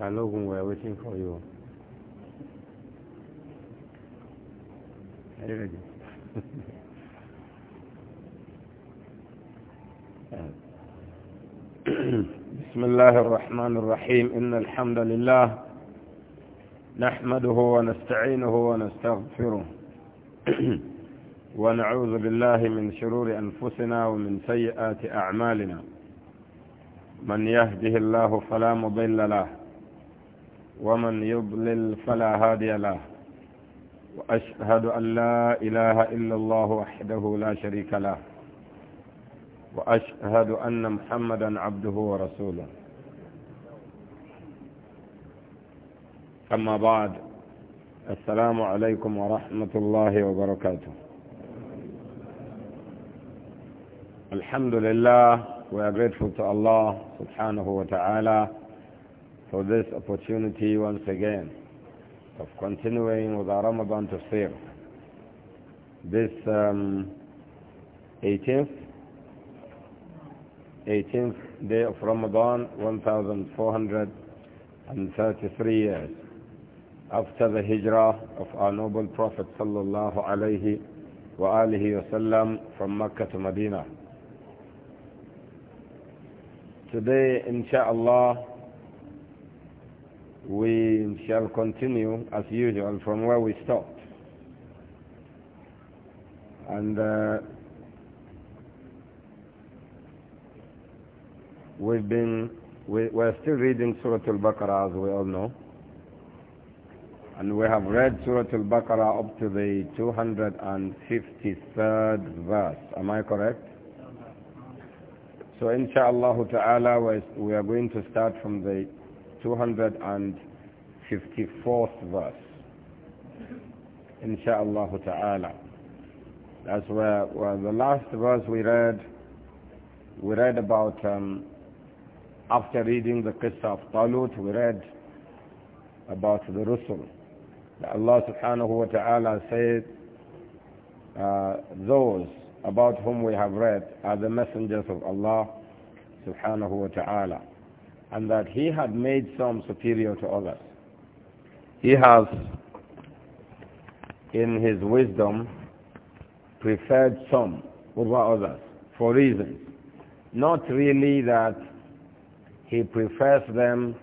Balogun, we are waiting for you. Are you ready? بسم الله الرحمن الرحيم إن الحمد لله نحمده ونستعينه ونستغفره ونعوذ بالله من شرور أنفسنا ومن سيئات أعمالنا من يهده الله فلا مضل له ومن يضلل فلا هادي له وأشهد أن لا إله إلا الله وحده لا شريك له وأشهد أن محمدا عبده ورسوله أما بعد السلام عليكم ورحمة الله وبركاته لله we are grateful to Allah subhanahu wa ta'ala for this opportunity once again of continuing with our Ramadan tafsir. This um, 18th, 18th day of Ramadan, 1433 years after the hijrah of our noble Prophet sallallahu alaihi wasallam from Mecca to Medina. Today, inshallah, we shall continue as usual from where we stopped. And uh, we've been, we, we're still reading Surah Al-Baqarah as we all know. And we have read Surah Al-Baqarah up to the 253rd verse. Am I correct? So inshallah ta'ala we are going to start from the 254th verse. Insha'Allah ta'ala. That's where, where the last verse we read, we read about, um, after reading the Qissa of Talut, we read about the Rusul. Allah subhanahu wa ta'ala said, uh, those about whom we have read are the messengers of Allah subhanahu wa ta'ala and that he had made some superior to others. He has, in his wisdom, preferred some over others for reasons. Not really that he prefers them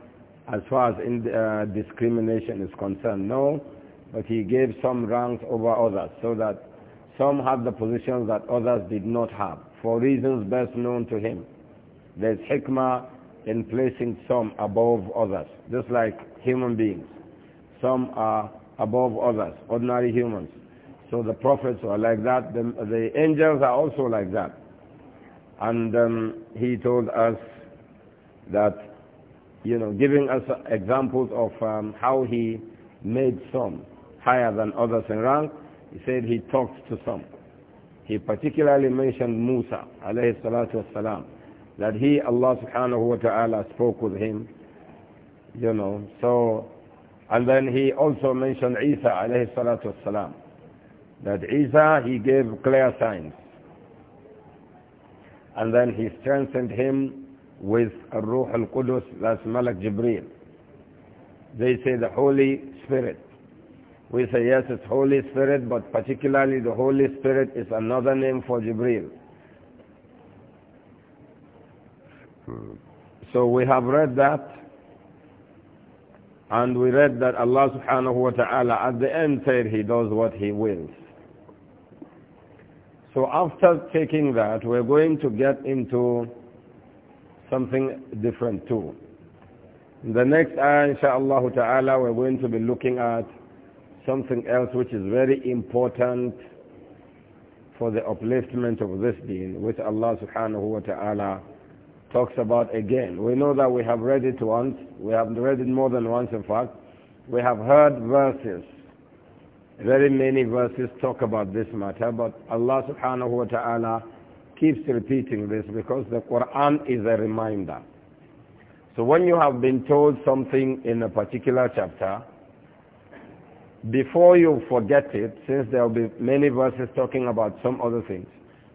as far as in, uh, discrimination is concerned, no, but he gave some ranks over others so that some had the positions that others did not have for reasons best known to him. There's hikmah in placing some above others, just like human beings. Some are above others, ordinary humans. So the prophets are like that. The, the angels are also like that. And um, he told us that, you know, giving us examples of um, how he made some higher than others in rank, he said he talked to some. He particularly mentioned Musa, alayhi salatu wasalam, that he, Allah subhanahu wa ta'ala, spoke with him, you know, so, and then he also mentioned Isa alayhi salatu wasalam, that Isa, he gave clear signs. And then he strengthened him with Ruh al-Qudus, that's Malak Jibreel. They say the Holy Spirit. We say, yes, it's Holy Spirit, but particularly the Holy Spirit is another name for Jibreel. So we have read that and we read that Allah subhanahu wa ta'ala at the end said he does what he wills. So after taking that, we're going to get into something different too. In the next ayah, inshaAllah ta'ala, we're going to be looking at something else which is very important for the upliftment of this deen, which Allah subhanahu wa ta'ala talks about again. We know that we have read it once. We have read it more than once, in fact. We have heard verses, very many verses talk about this matter, but Allah subhanahu wa ta'ala keeps repeating this because the Quran is a reminder. So when you have been told something in a particular chapter, before you forget it, since there will be many verses talking about some other things,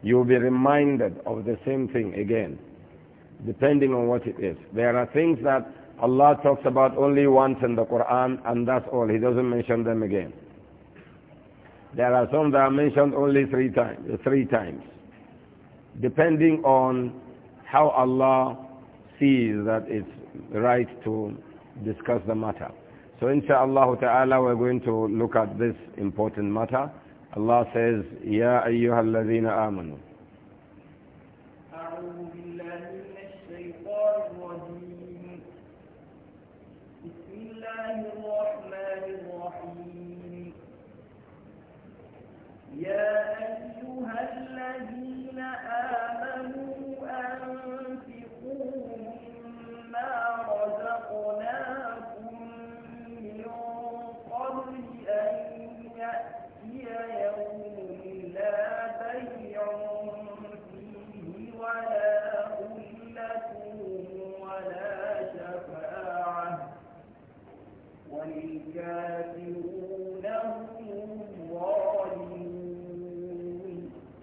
you will be reminded of the same thing again depending on what it is. There are things that Allah talks about only once in the Quran, and that's all. He doesn't mention them again. There are some that are mentioned only three times, three times, depending on how Allah sees that it's right to discuss the matter. So inshaAllah ta'ala we're going to look at this important matter. Allah says, Ya ayyuha alladhina amanu. يا أيها الذين آمنوا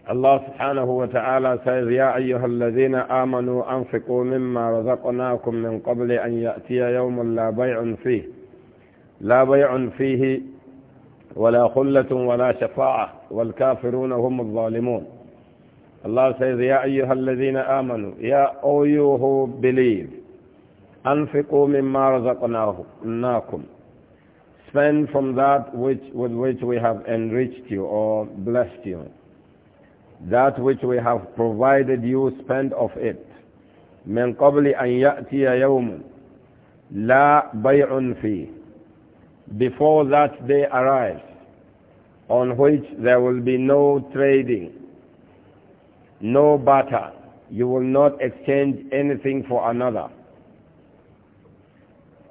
الله سبحانه وتعالى says يا أيها الذين آمنوا أنفقوا مما رزقناكم من قبل أن يأتي يوم لا بيع فيه لا بيع فيه ولا خلة ولا شفاعة والكافرون هم الظالمون Allah says يا أيها الذين آمنوا يا أيها بليل أنفقوا مما رزقناكم spend from that which, with which we have enriched you or blessed you that which we have provided you spend of it من قبل أن يأتي يوم لا بيع فيه before that day arrives on which there will be no trading no barter you will not exchange anything for another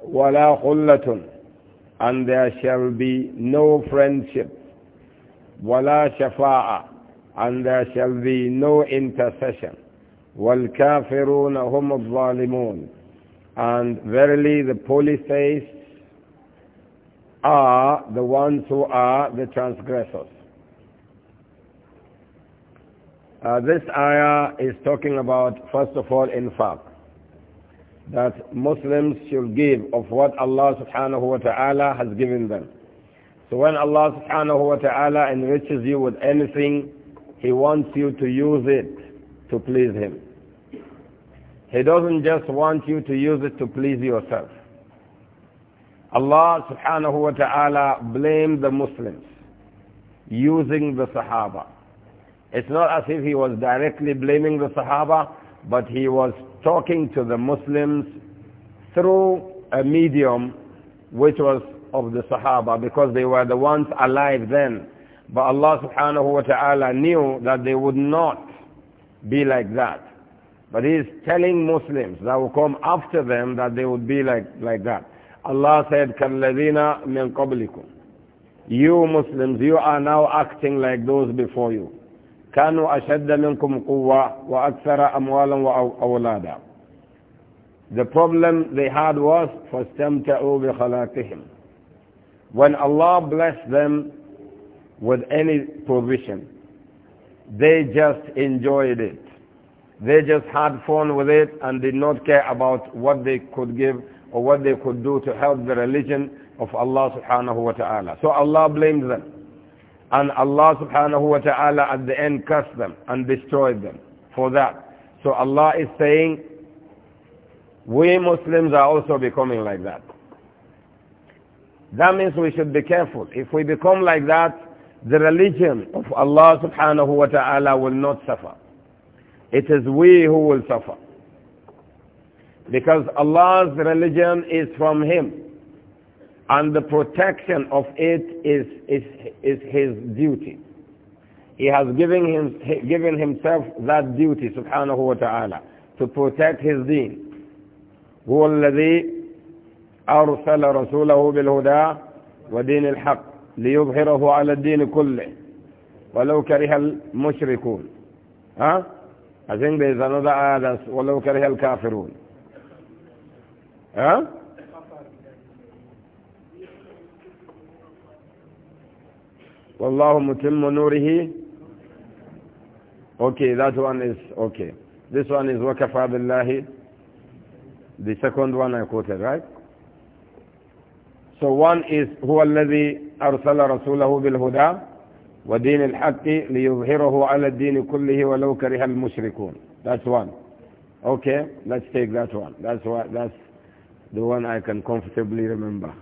ولا خلة and there shall be no friendship ولا شفاعة and there shall be no intercession. وَالْكَافِرُونَ هُمُ الظَّالِمُونَ And verily the polytheists are the ones who are the transgressors. Uh, this ayah is talking about, first of all, in fact, That Muslims should give of what Allah subhanahu wa ta'ala has given them. So when Allah subhanahu wa ta'ala enriches you with anything, he wants you to use it to please Him. He doesn't just want you to use it to please yourself. Allah subhanahu wa ta'ala blamed the Muslims using the Sahaba. It's not as if he was directly blaming the Sahaba, but he was talking to the Muslims through a medium which was of the Sahaba because they were the ones alive then but Allah subhanahu wa ta'ala knew that they would not be like that. But He is telling Muslims that will come after them that they would be like, like that. Allah said, كَالَّذِينَ مِنْ قَبْلِكُمْ You Muslims, you are now acting like those before you. كَانُوا أَشَدَّ مِنْكُمْ قُوَّةً وَأَكْثَرَ أَمْوَالًا وَأَوْلَادًا The problem they had was, فَاسْتَمْتَعُوا بِخَلَاقِهِمْ When Allah blessed them, with any provision. They just enjoyed it. They just had fun with it and did not care about what they could give or what they could do to help the religion of Allah subhanahu wa ta'ala. So Allah blamed them. And Allah subhanahu wa ta'ala at the end cursed them and destroyed them for that. So Allah is saying, we Muslims are also becoming like that. That means we should be careful. If we become like that, the religion of Allah subhanahu wa ta'ala will not suffer. It is we who will suffer. Because Allah's religion is from Him. And the protection of it is, is, is His duty. He has given, him, given Himself that duty, subhanahu wa ta'ala, to protect His deen. هو الذي أرسل رسوله بالهدى ودين الحق ليظهره على الدين كله ولو كره المشركون ها I think there is another ayah that's ولو كره الكافرون ها والله متم نوره okay that one is okay this one is وكفى بالله the second one I quoted right so one is هو الذي أرسل رسوله بالهدى ودين الحق ليظهره على الدين كله ولو كره المشركون that's one okay let's take that one that's what that's the one I can comfortably remember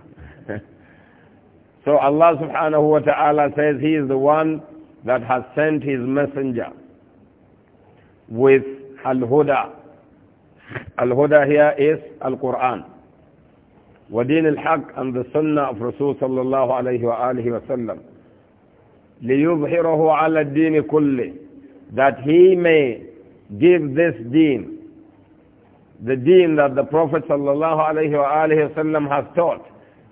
so Allah subhanahu wa ta'ala says he is the one that has sent his messenger with al-huda al-huda here is al-Quran ودين الحق and the sunnah of Rasul صلى الله عليه وآله وسلم ليظهره على الدين كله that he may give this deen the deen that the Prophet صلى الله عليه وآله وسلم has taught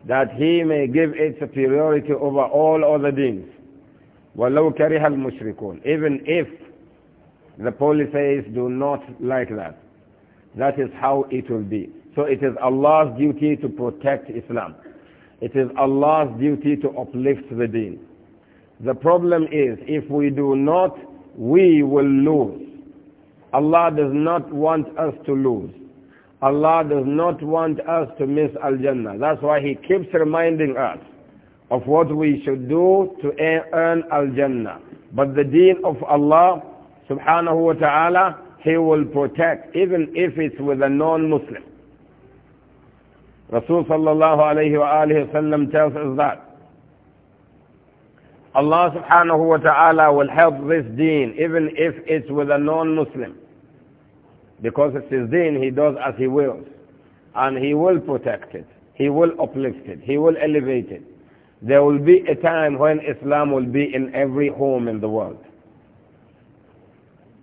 that he may give its superiority over all other deens ولو كره المشركون even if the polytheists do not like that that is how it will be so it is Allah's duty to protect Islam. It is Allah's duty to uplift the deen. The problem is, if we do not, we will lose. Allah does not want us to lose. Allah does not want us to miss Al-Jannah. That's why He keeps reminding us of what we should do to earn Al-Jannah. But the deen of Allah subhanahu wa ta'ala, He will protect, even if it's with a non-Muslim. Rasul sallallahu alayhi wa alayhi wa tells us that Allah subhanahu wa ta'ala will help this deen even if it's with a non-Muslim. Because it's his deen, he does as he wills. And he will protect it. He will uplift it. He will elevate it. There will be a time when Islam will be in every home in the world.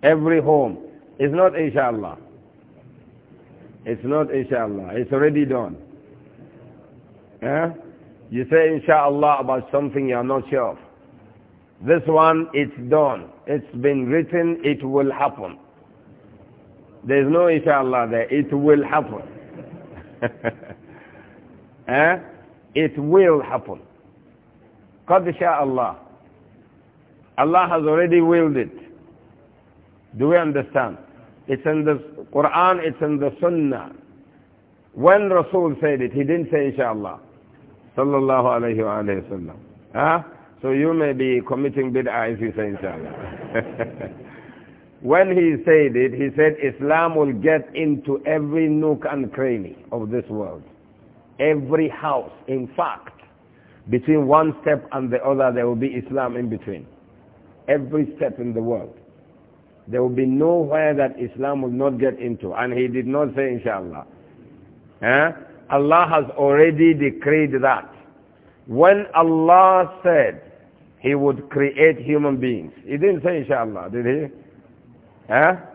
Every home. It's not inshallah. It's not inshallah. It's already done. Eh? You say inshallah about something you are not sure of. This one, it's done. It's been written, it will happen. There's no inshallah there. It will happen. eh? It will happen. Because شاء Allah. Allah has already willed it. Do we understand? It's in the Quran, it's in the Sunnah. When Rasul said it, he didn't say inshallah. Sallallahu alayhi wa alayhi wa sallam. Huh? So you may be committing bid'ah if you say inshallah. when he said it, he said Islam will get into every nook and cranny of this world. Every house. In fact, between one step and the other, there will be Islam in between. Every step in the world. There will be nowhere that Islam will not get into. And he did not say inshallah. Huh? Allah has already decreed that. When Allah said He would create human beings, He didn't say inshallah, did He?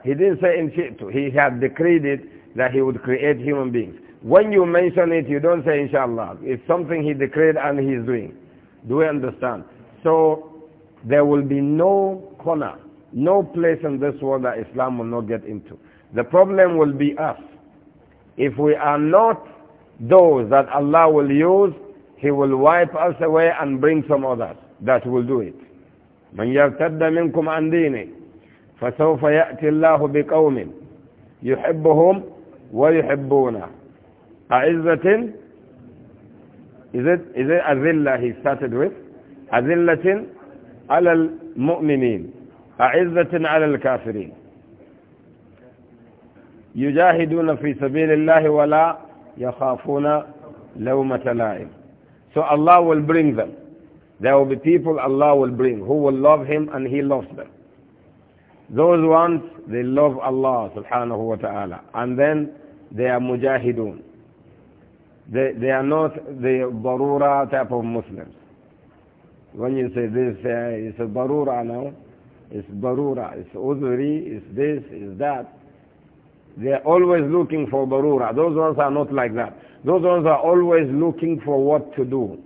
He didn't say in He had decreed it that He would create human beings. When you mention it, you don't say inshallah. It's something He decreed and He's doing. Do we understand? So, there will be no corner, no place in this world that Islam will not get into. The problem will be us. If we are not those that Allah will use, He will wipe us away and bring some others that will do it. من يرتد منكم عن دينه فسوف يأتي الله بقوم يحبهم ويحبونه أعزة is it, is it أذلة he started with أذلة على المؤمنين أعزة على الكافرين يجاهدون في سبيل الله ولا يَخَافُونَ لَوْمَةَ لَائِمٍ So Allah will bring them. There will be people Allah will bring who will love Him and He loves them. Those ones, they love Allah subhanahu wa ta'ala. And then they are mujahidun. They, they are not the barura type of Muslims. When you say this, uh, it's a barura now. It's barura. It's uzuri. It's this. It's that. They are always looking for barura. Those ones are not like that. Those ones are always looking for what to do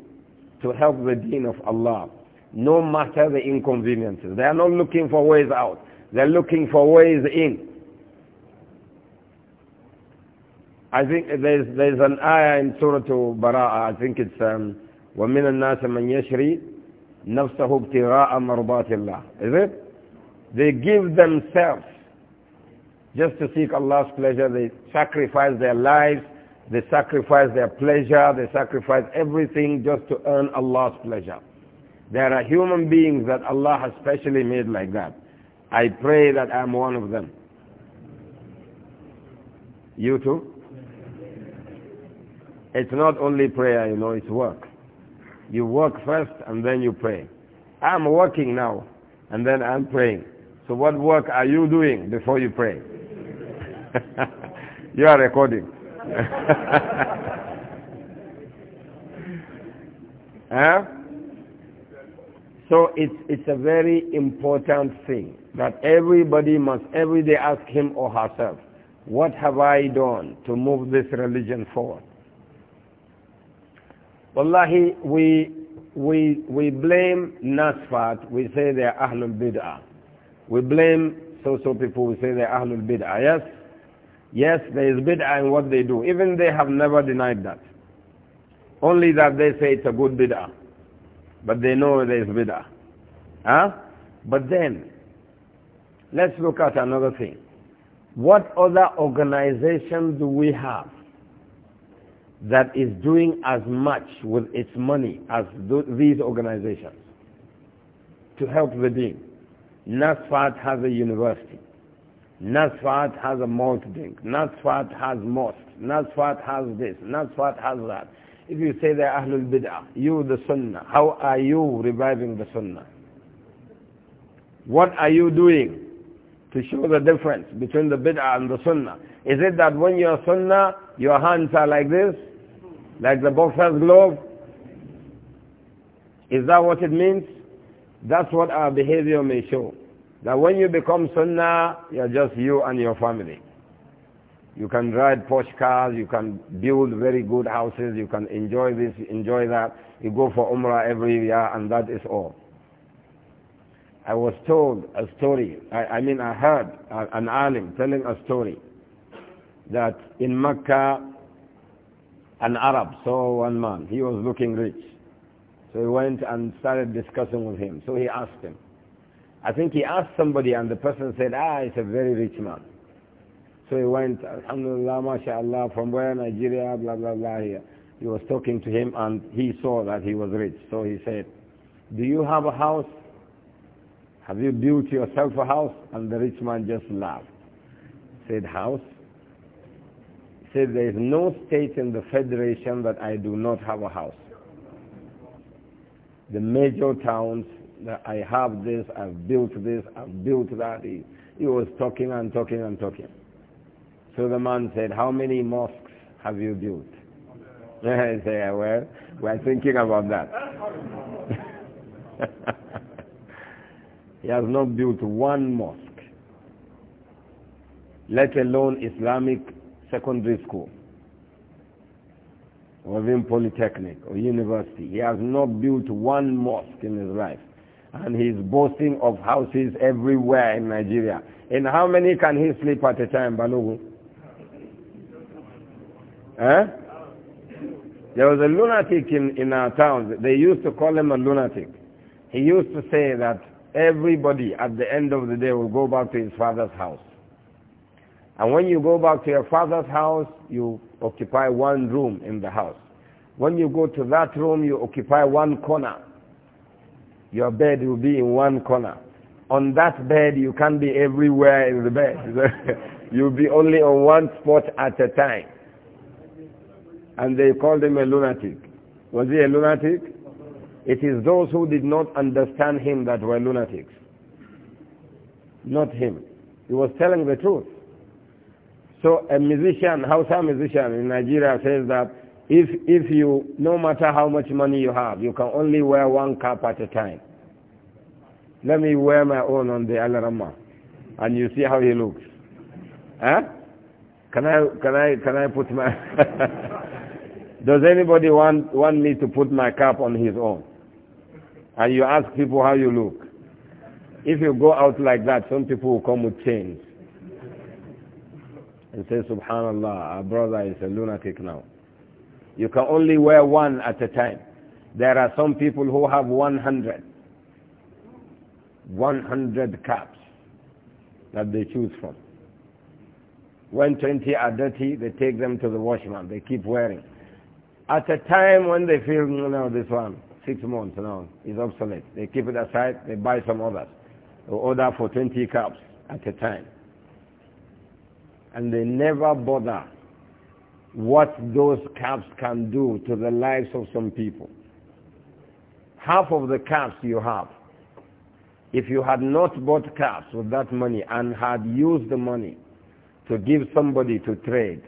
to help the deen of Allah, no matter the inconveniences. They are not looking for ways out. They are looking for ways in. I think there's, there's an ayah in Surah Bara'a, I think it's um, وَمِنَ النَّاسِ مَنْ يَشْرِي نَفْسَهُ ابْتِغَاءَ مَرْضَاتِ اللَّهِ Is it? They give themselves just to seek Allah's pleasure, they sacrifice their lives, they sacrifice their pleasure, they sacrifice everything just to earn Allah's pleasure. There are human beings that Allah has specially made like that. I pray that I'm one of them. You too? It's not only prayer, you know, it's work. You work first and then you pray. I'm working now and then I'm praying. So what work are you doing before you pray? you are recording. So it's, it's a very important thing that everybody must every day ask him or herself, what have I done to move this religion forward? Wallahi, we, we, we blame Nasfat, we say they are Ahlul Bid'ah. We blame so-so people, we say they are Ahlul Bid'ah, yes? Yes, there is bid'ah in what they do. Even they have never denied that. Only that they say it's a good bid'ah. But they know there is bid'ah. Huh? But then, let's look at another thing. What other organization do we have that is doing as much with its money as these organizations to help the deen? NASFAT has a university. Nasfat has a malt drink. Nasfat has most. Nasfat has this. Nasfat has that. If you say they're Ahlul Bid'ah, you the Sunnah, how are you reviving the Sunnah? What are you doing to show the difference between the Bid'ah and the Sunnah? Is it that when you're Sunnah, your hands are like this? Like the boxer's glove? Is that what it means? That's what our behavior may show. That when you become sunnah, you're just you and your family. You can ride Porsche cars, you can build very good houses, you can enjoy this, enjoy that. You go for Umrah every year and that is all. I was told a story, I, I mean I heard an alim telling a story that in Mecca an Arab saw one man, he was looking rich. So he went and started discussing with him. So he asked him, I think he asked somebody and the person said, ah, it's a very rich man. So he went, Alhamdulillah, MashaAllah, from where Nigeria, blah, blah, blah, here. He was talking to him and he saw that he was rich. So he said, do you have a house? Have you built yourself a house? And the rich man just laughed. Said, house? said, there is no state in the federation that I do not have a house. The major towns, that I have this, I've built this, I've built that. He, he was talking and talking and talking. So the man said, how many mosques have you built? I say, well, we're thinking about that. he has not built one mosque, let alone Islamic secondary school, or even polytechnic or university. He has not built one mosque in his life and he's boasting of houses everywhere in Nigeria. In how many can he sleep at a time, Balogu? Huh? There was a lunatic in, in our town. They used to call him a lunatic. He used to say that everybody at the end of the day will go back to his father's house. And when you go back to your father's house, you occupy one room in the house. When you go to that room, you occupy one corner your bed will be in one corner. On that bed, you can't be everywhere in the bed. You'll be only on one spot at a time. And they called him a lunatic. Was he a lunatic? It is those who did not understand him that were lunatics. Not him. He was telling the truth. So a musician, Hausa musician in Nigeria says that if, if you, no matter how much money you have, you can only wear one cap at a time. Let me wear my own on the Alarama and you see how he looks. Huh? Can I, can I, can I put my... Does anybody want, want me to put my cap on his own? And you ask people how you look. If you go out like that, some people will come with chains and say, Subhanallah, our brother is a lunatic now. You can only wear one at a time. There are some people who have 100. 100 caps that they choose from. When 20 are dirty, they take them to the washman. They keep wearing. At a time when they feel, you know, this one, six months now, is obsolete. They keep it aside. They buy some others. They order for 20 caps at a time. And they never bother what those caps can do to the lives of some people. Half of the caps you have, if you had not bought caps with that money and had used the money to give somebody to trade,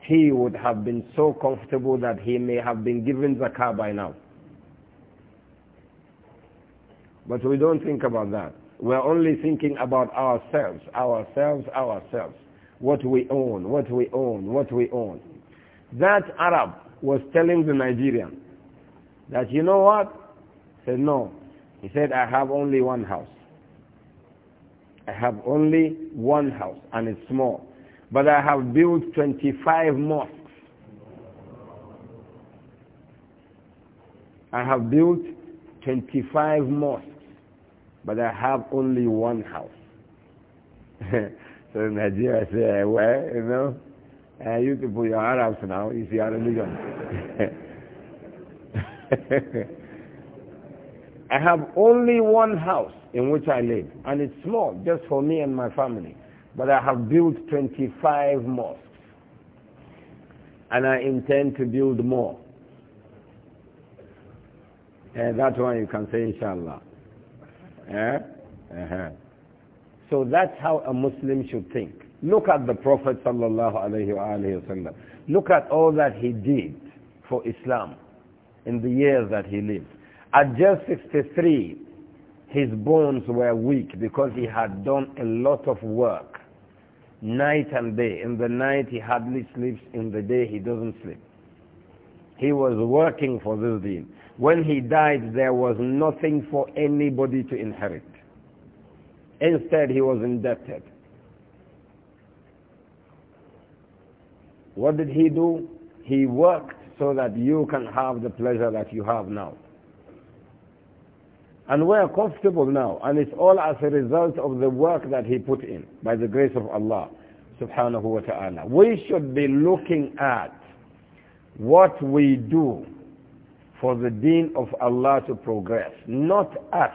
he would have been so comfortable that he may have been given car by now. But we don't think about that. We're only thinking about ourselves, ourselves, ourselves. What we own, what we own, what we own. That Arab was telling the Nigerian that, you know what? He said, no. He said, I have only one house. I have only one house, and it's small. But I have built 25 mosques. I have built 25 mosques, but I have only one house. So in Nigeria, I say, eh, well, you know, eh, out you now. you see, Arabs now, not need religion. I have only one house in which I live, and it's small, just for me and my family. But I have built 25 mosques, and I intend to build more. And eh, that one you can say, inshallah. Yeah? Uh -huh. So that's how a Muslim should think. Look at the Prophet sallallahu alayhi wa Look at all that he did for Islam in the years that he lived. At just 63, his bones were weak because he had done a lot of work, night and day. In the night he hardly sleeps, in the day he doesn't sleep. He was working for this deen. When he died, there was nothing for anybody to inherit. Instead, he was indebted. What did he do? He worked so that you can have the pleasure that you have now. And we are comfortable now. And it's all as a result of the work that he put in by the grace of Allah subhanahu wa ta'ala. We should be looking at what we do for the deen of Allah to progress, not us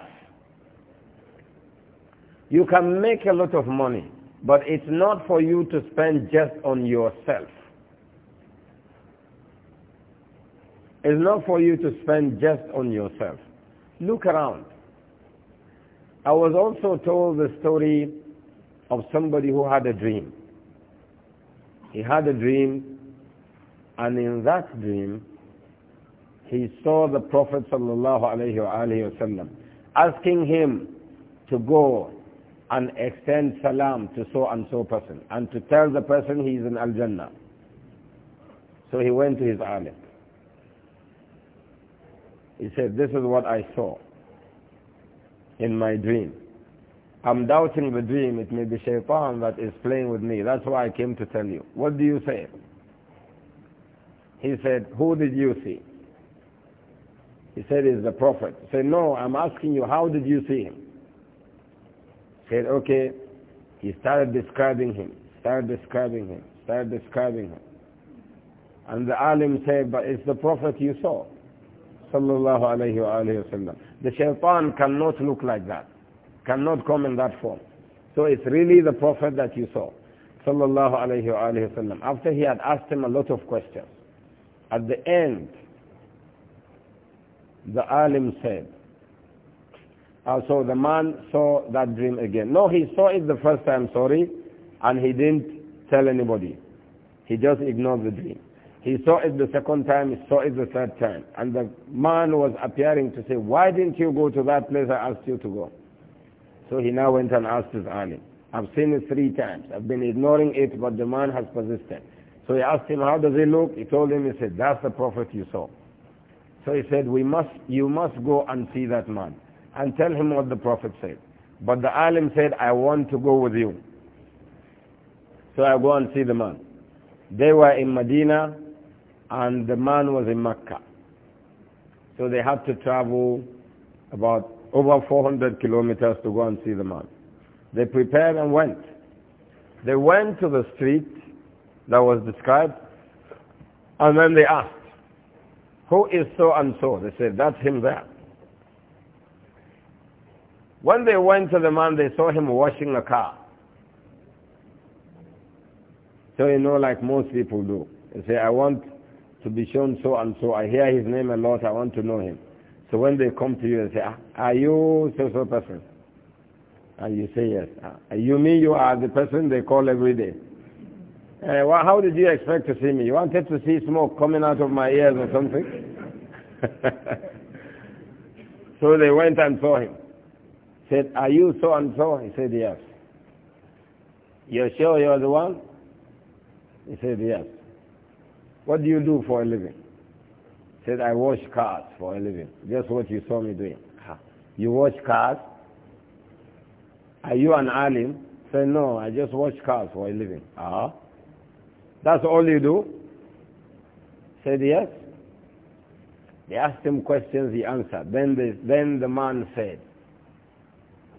you can make a lot of money, but it's not for you to spend just on yourself. It's not for you to spend just on yourself. Look around. I was also told the story of somebody who had a dream. He had a dream, and in that dream, he saw the Prophet sallallahu alaihi wasallam asking him to go and extend salam to so and so person and to tell the person he is in Al Jannah. So he went to his alim. He said, This is what I saw in my dream. I'm doubting the dream. It may be shaitan that is playing with me. That's why I came to tell you. What do you say? He said, Who did you see? He said, "Is the prophet. He said, No, I'm asking you, how did you see him? Said, okay. He started describing him, started describing him, started describing him. And the alim said, but it's the Prophet you saw. Sallallahu alayhi wa alayhi wa sallam. The shaitan cannot look like that, cannot come in that form. So it's really the Prophet that you saw. Sallallahu alayhi wa alayhi wa sallam. After he had asked him a lot of questions, at the end, the alim said, uh, so the man saw that dream again. No, he saw it the first time, sorry, and he didn't tell anybody. He just ignored the dream. He saw it the second time, he saw it the third time. And the man was appearing to say, why didn't you go to that place I asked you to go? So he now went and asked his alim. I've seen it three times. I've been ignoring it, but the man has persisted. So he asked him, how does he look? He told him, he said, that's the prophet you saw. So he said, we must, you must go and see that man and tell him what the Prophet said. But the alim said, I want to go with you. So I go and see the man. They were in Medina and the man was in Mecca. So they had to travel about over 400 kilometers to go and see the man. They prepared and went. They went to the street that was described and then they asked, who is so and so? They said, that's him there. When they went to the man, they saw him washing a car. So you know, like most people do. They say, I want to be shown so and so. I hear his name a lot. I want to know him. So when they come to you and say, ah, are you so-so person? And you say yes. Ah, you mean you are the person they call every day? Uh, well, how did you expect to see me? You wanted to see smoke coming out of my ears or something? so they went and saw him said, are you so and so? He said, yes. You're sure you're the one? He said, yes. What do you do for a living? He said, I wash cars for a living. Just what you saw me doing. You wash cars? Are you an alim? He said, no, I just wash cars for a living. Ah, uh -huh. That's all you do? He said, yes. They asked him questions, he answered. Then the, then the man said,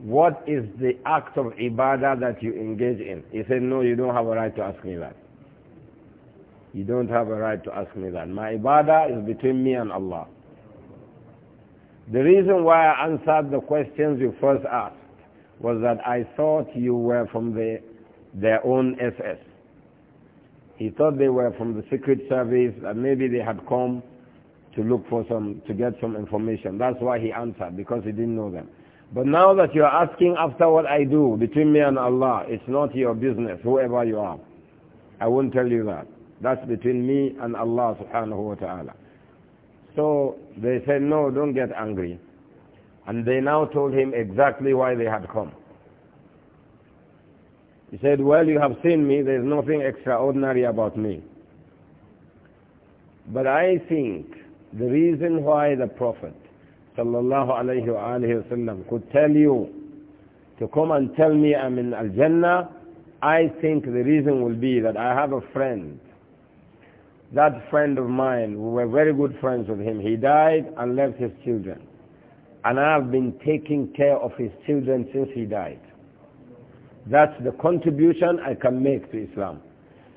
what is the act of ibadah that you engage in? He said, no, you don't have a right to ask me that. You don't have a right to ask me that. My ibadah is between me and Allah. The reason why I answered the questions you first asked was that I thought you were from the, their own SS. He thought they were from the Secret Service and maybe they had come to look for some, to get some information. That's why he answered, because he didn't know them. But now that you are asking after what I do between me and Allah, it's not your business, whoever you are. I won't tell you that. That's between me and Allah subhanahu wa ta'ala. So they said, no, don't get angry. And they now told him exactly why they had come. He said, well, you have seen me. There's nothing extraordinary about me. But I think the reason why the Prophet sallallahu Alaihi wasallam could tell you to come and tell me I'm in Al-Jannah, I think the reason will be that I have a friend. That friend of mine, we were very good friends with him. He died and left his children. And I have been taking care of his children since he died. That's the contribution I can make to Islam.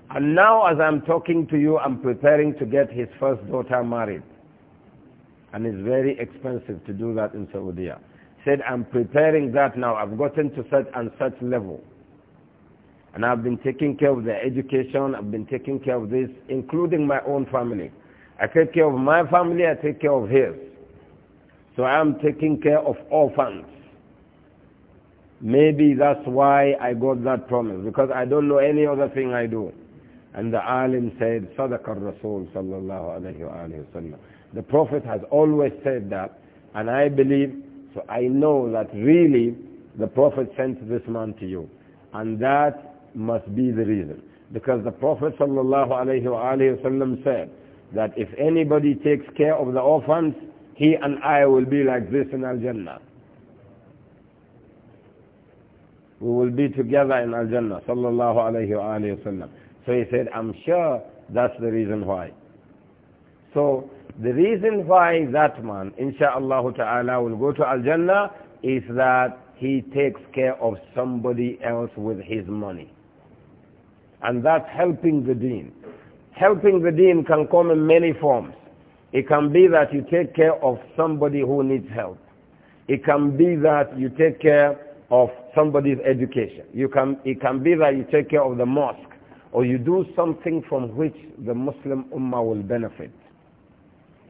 And now as I'm talking to you, I'm preparing to get his first daughter married and it's very expensive to do that in Saudi. Said, I'm preparing that now. I've gotten to such and such level. And I've been taking care of their education. I've been taking care of this, including my own family. I take care of my family. I take care of his. So I'm taking care of orphans. Maybe that's why I got that promise, because I don't know any other thing I do. And the alim said, صدق Rasul Salallahu Alayhi Wasallam. The Prophet has always said that, and I believe, so I know that really the Prophet sent this man to you. And that must be the reason. Because the Prophet ﷺ said that if anybody takes care of the orphans, he and I will be like this in Al-Jannah. We will be together in Al-Jannah, sallallahu alayhi wa So he said, I'm sure that's the reason why. So the reason why that man, insha'Allah ta'ala, will go to Al-Jannah is that he takes care of somebody else with his money. And that's helping the deen. Helping the deen can come in many forms. It can be that you take care of somebody who needs help. It can be that you take care of somebody's education. You can, it can be that you take care of the mosque or you do something from which the Muslim Ummah will benefit.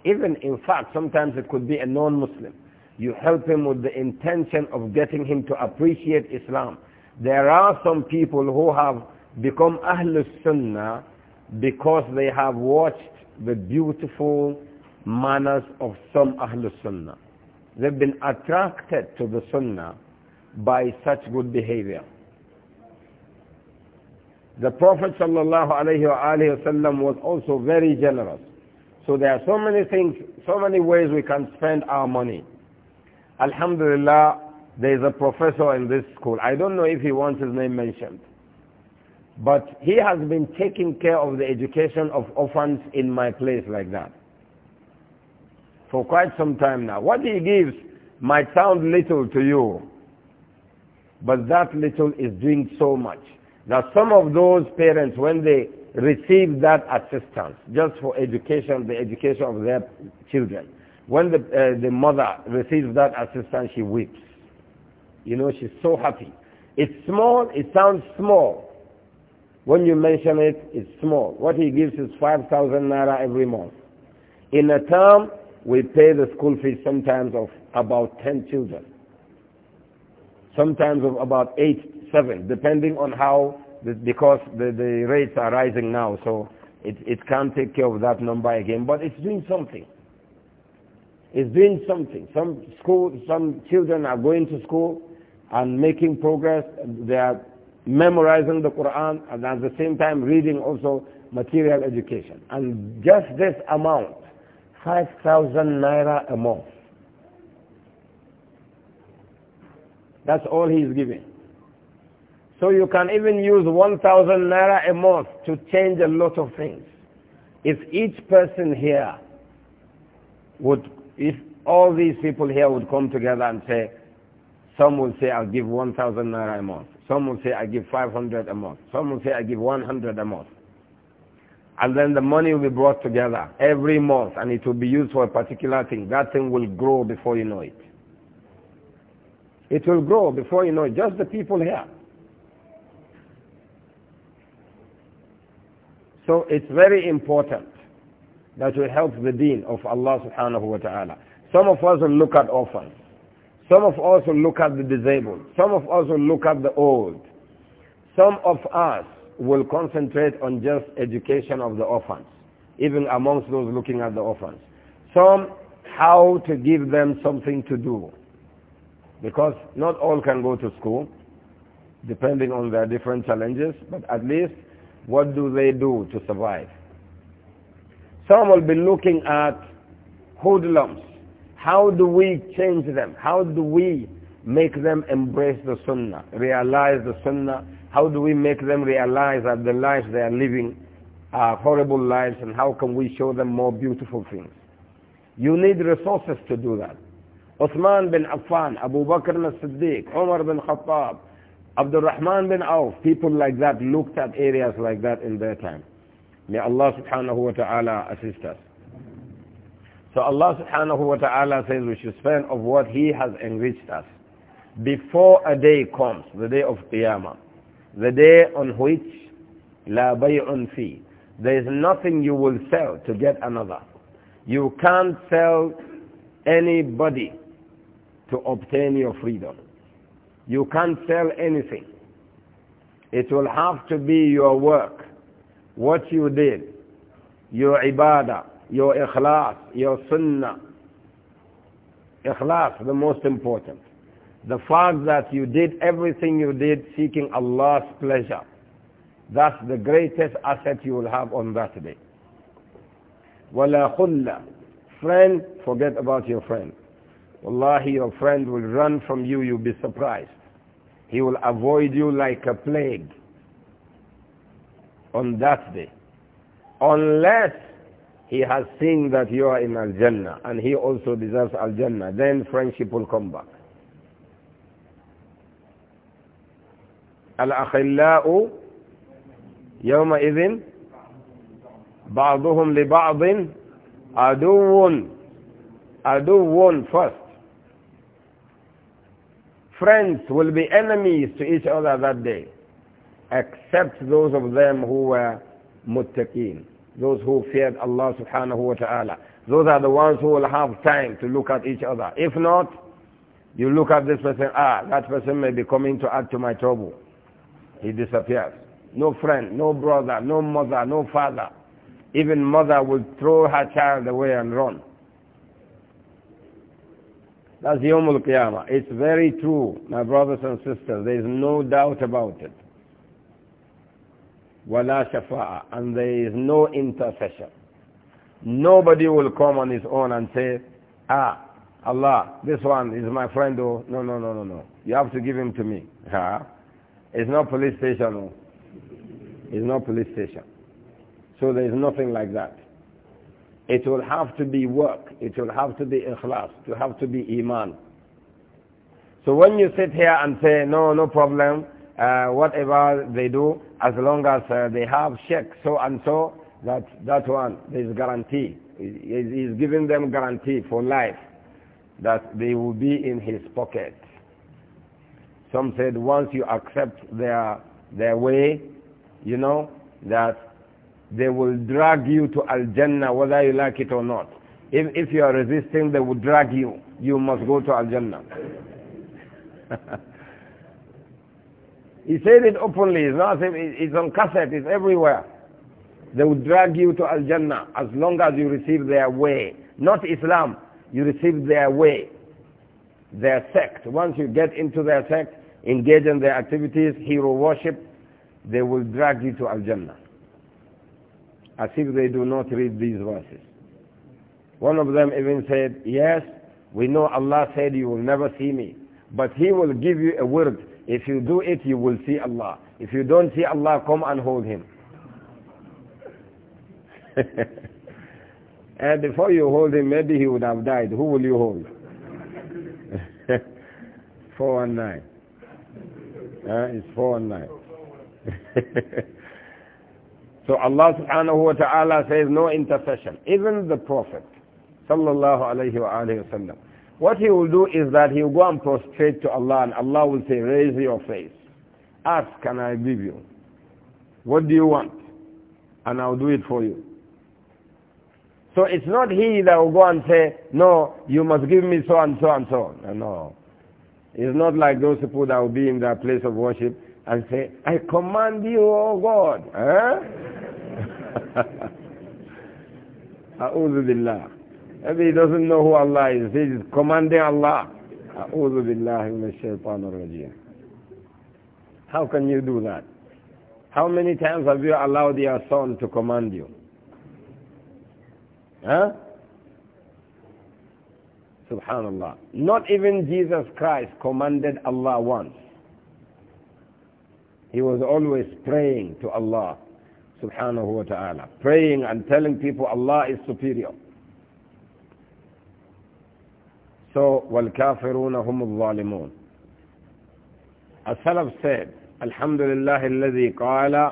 Even in fact, sometimes it could be a non-Muslim. You help him with the intention of getting him to appreciate Islam. There are some people who have become Ahlul Sunnah because they have watched the beautiful manners of some Ahlul Sunnah. They've been attracted to the Sunnah by such good behavior. The Prophet ﷺ was also very generous. So there are so many things, so many ways we can spend our money. Alhamdulillah, there is a professor in this school. I don't know if he wants his name mentioned. But he has been taking care of the education of orphans in my place like that. For quite some time now. What he gives might sound little to you. But that little is doing so much. Now some of those parents, when they receive that assistance just for education, the education of their children. When the, uh, the mother receives that assistance, she weeps. You know, she's so happy. It's small, it sounds small. When you mention it, it's small. What he gives is 5,000 naira every month. In a term, we pay the school fees sometimes of about 10 children. Sometimes of about 8, 7, depending on how because the, the rates are rising now, so it, it can't take care of that number again, but it's doing something. It's doing something. Some school, some children are going to school and making progress. They are memorizing the Quran and at the same time reading also material education. And just this amount, 5,000 naira a month. That's all he's giving. So you can even use 1,000 naira a month to change a lot of things. If each person here would, if all these people here would come together and say, some will say I'll give 1,000 naira a month. Some will say I give 500 a month. Some will say I give 100 a month. And then the money will be brought together every month and it will be used for a particular thing. That thing will grow before you know it. It will grow before you know it. Just the people here. So it's very important that we help the deen of Allah subhanahu wa ta'ala. Some of us will look at orphans. Some of us will look at the disabled. Some of us will look at the old. Some of us will concentrate on just education of the orphans, even amongst those looking at the orphans. Some, how to give them something to do. Because not all can go to school, depending on their different challenges, but at least what do they do to survive? Some will be looking at hoodlums. How do we change them? How do we make them embrace the sunnah, realize the sunnah? How do we make them realize that the lives they are living are horrible lives and how can we show them more beautiful things? You need resources to do that. Uthman bin Affan, Abu Bakr as-Siddiq, Umar bin Khattab, Abdul Rahman bin Auf, people like that looked at areas like that in their time. May Allah subhanahu wa ta'ala assist us. So Allah subhanahu wa ta'ala says we should spend of what He has enriched us before a day comes, the day of Qiyamah, the day on which la بيع fi. There is nothing you will sell to get another. You can't sell anybody to obtain your freedom. You can't sell anything. It will have to be your work, what you did, your ibadah, your ikhlas, your sunnah. Ikhlas, the most important. The fact that you did everything you did seeking Allah's pleasure. That's the greatest asset you will have on that day. وَلَا خُلَّ Friend, forget about your friend. Wallahi, your friend will run from you, you'll be surprised. He will avoid you like a plague on that day. Unless he has seen that you are in Al-Jannah and he also deserves Al-Jannah, then friendship will come back. الأخلاء يومئذ li-ba'din aduun, aduun first friends will be enemies to each other that day, except those of them who were muttaqeen, those who feared Allah subhanahu wa ta'ala. Those are the ones who will have time to look at each other. If not, you look at this person, ah, that person may be coming to add to my trouble. He disappears. No friend, no brother, no mother, no father. Even mother will throw her child away and run. That's the Al Qiyamah. It's very true, my brothers and sisters. There is no doubt about it. Wala shafa'a. And there is no intercession. Nobody will come on his own and say, ah, Allah, this one is my friend. Oh, no, no, no, no, no. You have to give him to me. Huh? It's not police station. No. Oh. It's not police station. So there is nothing like that. It will have to be work. It will have to be ikhlas. It will have to be iman. So when you sit here and say, no, no problem, uh, whatever they do, as long as uh, they have sheikh so and so, that, that one, there's guarantee. is giving them guarantee for life that they will be in his pocket. Some said once you accept their, their way, you know, that they will drag you to Al-Jannah whether you like it or not. If, if you are resisting, they will drag you. You must go to Al-Jannah. he said it openly. It's, not, it's on cassette. It's everywhere. They will drag you to Al-Jannah as long as you receive their way. Not Islam. You receive their way. Their sect. Once you get into their sect, engage in their activities, hero worship, they will drag you to Al-Jannah as if they do not read these verses. One of them even said, yes, we know Allah said you will never see me, but He will give you a word. If you do it, you will see Allah. If you don't see Allah, come and hold Him. and before you hold Him, maybe He would have died. Who will you hold? 419. Uh, it's 419. So Allah subhanahu wa ta'ala says no intercession. Even the Prophet sallallahu alayhi wa What he will do is that he will go and prostrate to Allah and Allah will say, raise your face. Ask can I give you. What do you want? And I'll do it for you. So it's not he that will go and say, no, you must give me so and so and so. No. It's not like those people that will be in their place of worship and say, I command you, O God. Eh? A'udhu billah. Maybe he doesn't know who Allah is. He commanding Allah. A'udhu billahi minash How can you do that? How many times have you allowed your son to command you? Huh? Subhanallah. Not even Jesus Christ commanded Allah once. He was always praying to Allah subhanahu wa ta'ala. Praying and telling people Allah is superior. So, وَالْكَافِرُونَ هُمُ الظَّالِمُونَ As Salaf said, الحمد لله الذي قال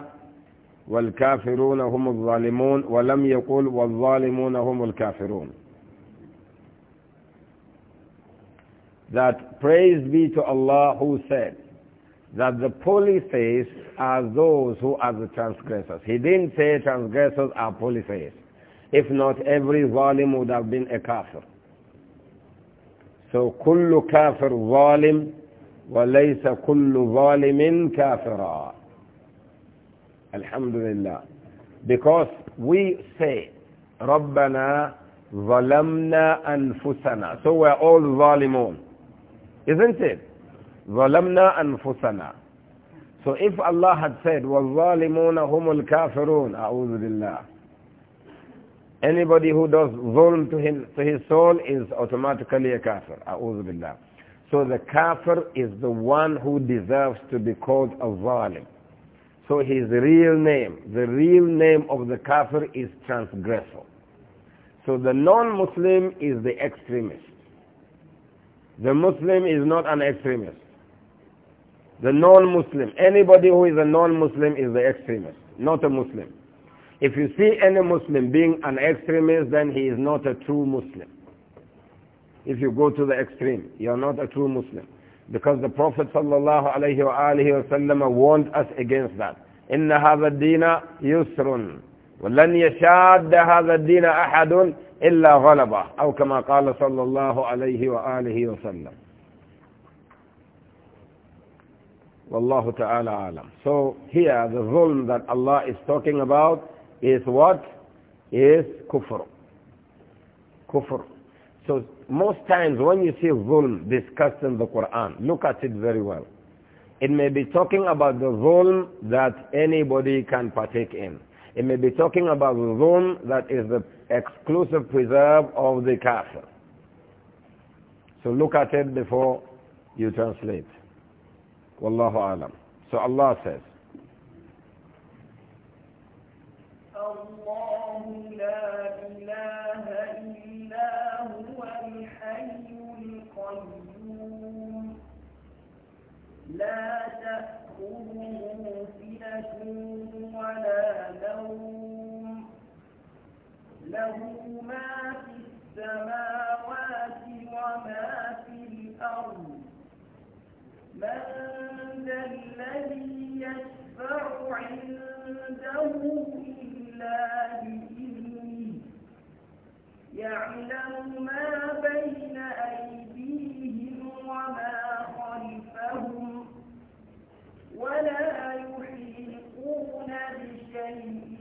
والكافرون هم الظالمون ولم يقل والظالمون هم الكافرون That praise be to Allah who said that the polytheists are those who are the transgressors. He didn't say transgressors are polytheists. If not, every volume would have been a kafir. So كل كافر ظالم وليس كل ظالم كافرا الحمد Alhamdulillah. because we say ربنا ظلمنا أنفسنا so we're all ظالمون isn't it ظَلَمْنَا أَنفُسَنَا So if Allah had said, وَالظَّالِمُونَ هُمُ الْكَافِرُونَ أعوذ بالله. Anybody who does zulm to, him, to his soul is automatically a kafir. A'udhu billah. So the kafir is the one who deserves to be called a zalim. So his real name, the real name of the kafir is transgressor. So the non-Muslim is the extremist. The Muslim is not an extremist. The non-Muslim, anybody who is a non-Muslim is the extremist, not a Muslim. If you see any Muslim being an extremist, then he is not a true Muslim. If you go to the extreme, you are not a true Muslim. Because the Prophet ﷺ warned us against that. إِنَّ هَذَا الدِّينَ يُسْرٌ وَلَنْ يَشَادَّ هَذَا الدِّينَ أَحَدٌ إِلَّا غَلَبَهُ أو كما قال صلى الله عليه وآله وسلم Wallahu ta'ala alam. So here the zulm that Allah is talking about is what? Is kufr. Kufr. So most times when you see zulm discussed in the Quran, look at it very well. It may be talking about the zulm that anybody can partake in. It may be talking about the zulm that is the exclusive preserve of the kafir. So look at it before you translate. والله أعلم So Allah says, لا تأخذه ولا له ما في السماوات وما في الأرض من ذا الذي يشفع عنده إلا يعلم ما بين أيديهم وما خلفهم ولا يحيطون بشيء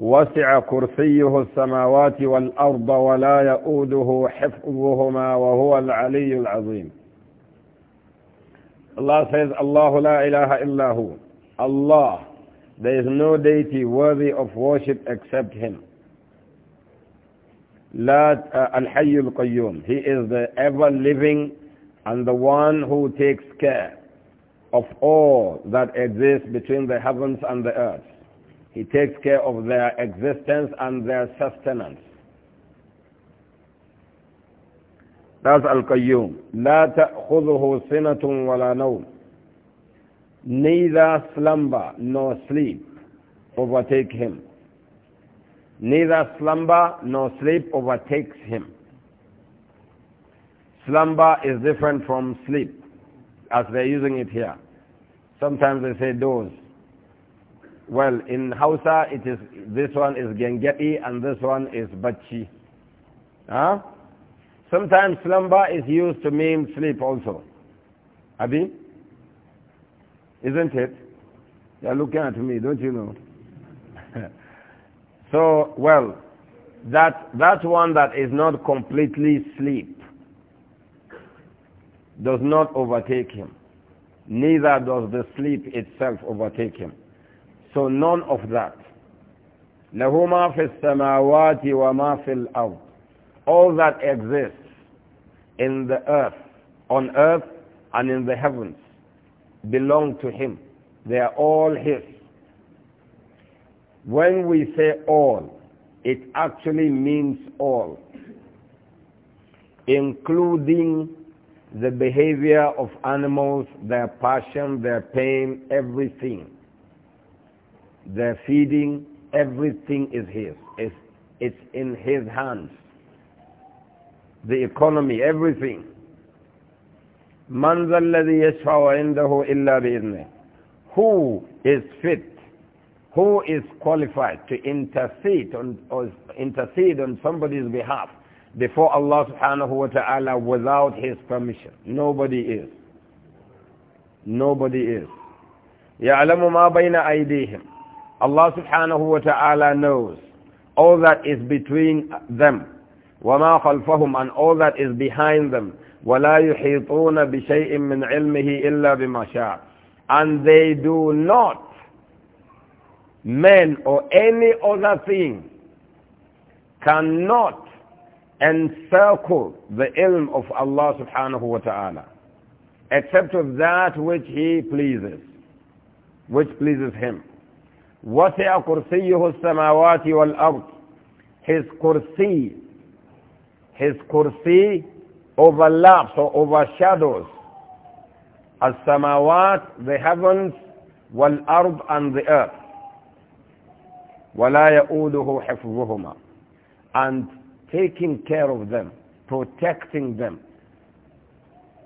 وسع كرسيه السماوات والأرض ولا يؤوده حفظهما وهو العلي العظيم Allah says لا إله إلا هو Allah there is no deity worthy of worship except him لا الحي القيوم he is the ever living and the one who takes care of all that exists between the heavens and the earth He takes care of their existence and their sustenance. That's Al-Qayyum. لا تأخذه سنة ولا نوم. Neither slumber nor sleep overtake him. Neither slumber nor sleep overtakes him. Slumber is different from sleep, as they're using it here. Sometimes they say doze. Well, in Hausa, it is, this one is Gengeti and this one is Bachi. Huh? Sometimes slumber is used to mean sleep also. Abi? Isn't it? You're looking at me, don't you know? so, well, that, that one that is not completely sleep does not overtake him. Neither does the sleep itself overtake him. So none of that. لَهُمَا فِي wa ma fil الْأَرْضِ All that exists in the earth, on earth and in the heavens, belong to Him. They are all His. When we say all, it actually means all, including the behavior of animals, their passion, their pain, everything their feeding, everything is his. It's, it's in his hands. The economy, everything. من الذي يشفع عنده إلا بإذنه Who is fit? Who is qualified to intercede on, or intercede on somebody's behalf before Allah subhanahu wa ta'ala without his permission? Nobody is. Nobody is. يعلم ما بين أيديهم Allah subhanahu wa ta'ala knows all that is between them. وَمَا خَلْفَهُمْ And all that is behind them. وَلَا يُحِيطُونَ بِشَيْءٍ مِّنْ عِلْمِهِ إِلَّا بِمَا شَاءَ And they do not, men or any other thing, cannot encircle the ilm of Allah subhanahu wa ta'ala except of that which He pleases, which pleases Him. وسع كرسيه السماوات والأرض his kursi his kursi overlaps or overshadows السماوات the heavens والأرض and the earth ولا يؤوده حفظهما and taking care of them protecting them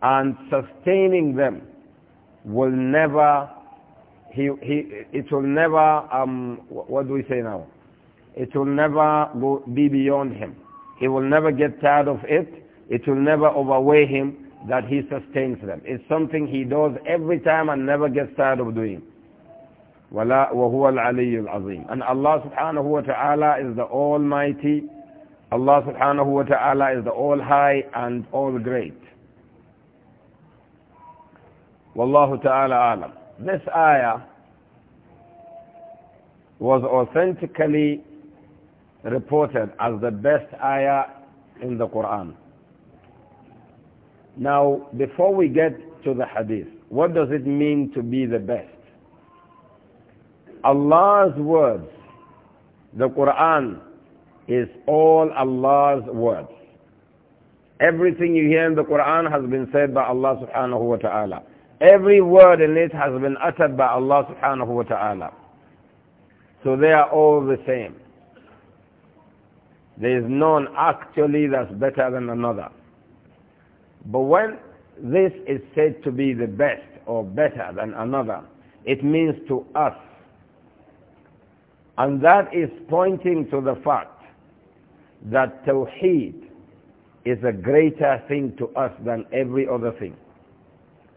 and sustaining them will never he, he, it will never, um, what do we say now? It will never go, be beyond him. He will never get tired of it. It will never overweigh him that he sustains them. It's something he does every time and never gets tired of doing. وَلَا وَهُوَ الْعَلِيُّ الْعَظِيمُ And Allah subhanahu wa ta'ala is the Almighty. Allah subhanahu wa ta'ala is the All-High and All-Great. وَاللَّهُ taala alam. This ayah was authentically reported as the best ayah in the Quran. Now, before we get to the hadith, what does it mean to be the best? Allah's words, the Quran is all Allah's words. Everything you hear in the Quran has been said by Allah subhanahu wa ta'ala. Every word in it has been uttered by Allah subhanahu wa ta'ala. So they are all the same. There is none actually that's better than another. But when this is said to be the best or better than another, it means to us. And that is pointing to the fact that Tawheed is a greater thing to us than every other thing.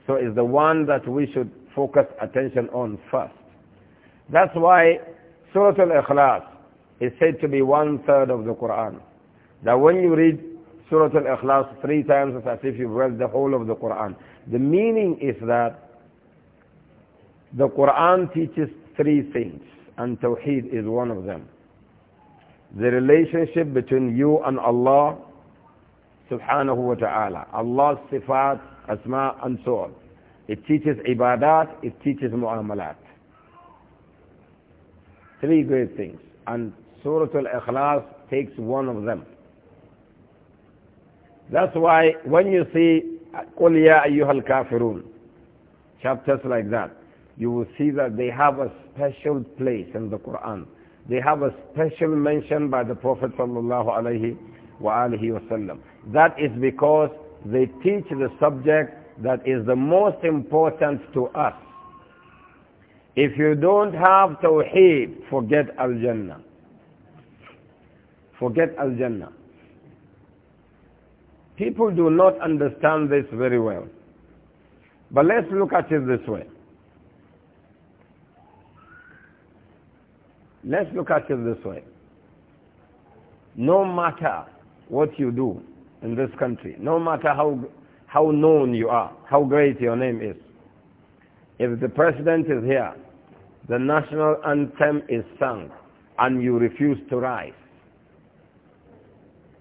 So it's the one that we should focus attention on first. That's why Surah Al-Ikhlas is said to be one third of the Quran. That when you read Surah Al-Ikhlas three times, it's as if you've read the whole of the Quran. The meaning is that the Quran teaches three things, and Tawheed is one of them. The relationship between you and Allah subhanahu wa ta'ala. Allah's sifat Asma and so on. It teaches ibadat, it teaches mu'amalat. Three great things. And Surah Al-Ikhlas takes one of them. That's why when you see قُلْ يَا أَيُّهَا الْكَافِرُونَ chapters like that, you will see that they have a special place in the Quran. They have a special mention by the Prophet sallallahu alaihi wasallam. That is because they teach the subject that is the most important to us. If you don't have Tawheed, forget Al-Jannah. Forget Al-Jannah. People do not understand this very well. But let's look at it this way. Let's look at it this way. No matter what you do, in this country, no matter how, how known you are, how great your name is. If the president is here, the national anthem is sung, and you refuse to rise,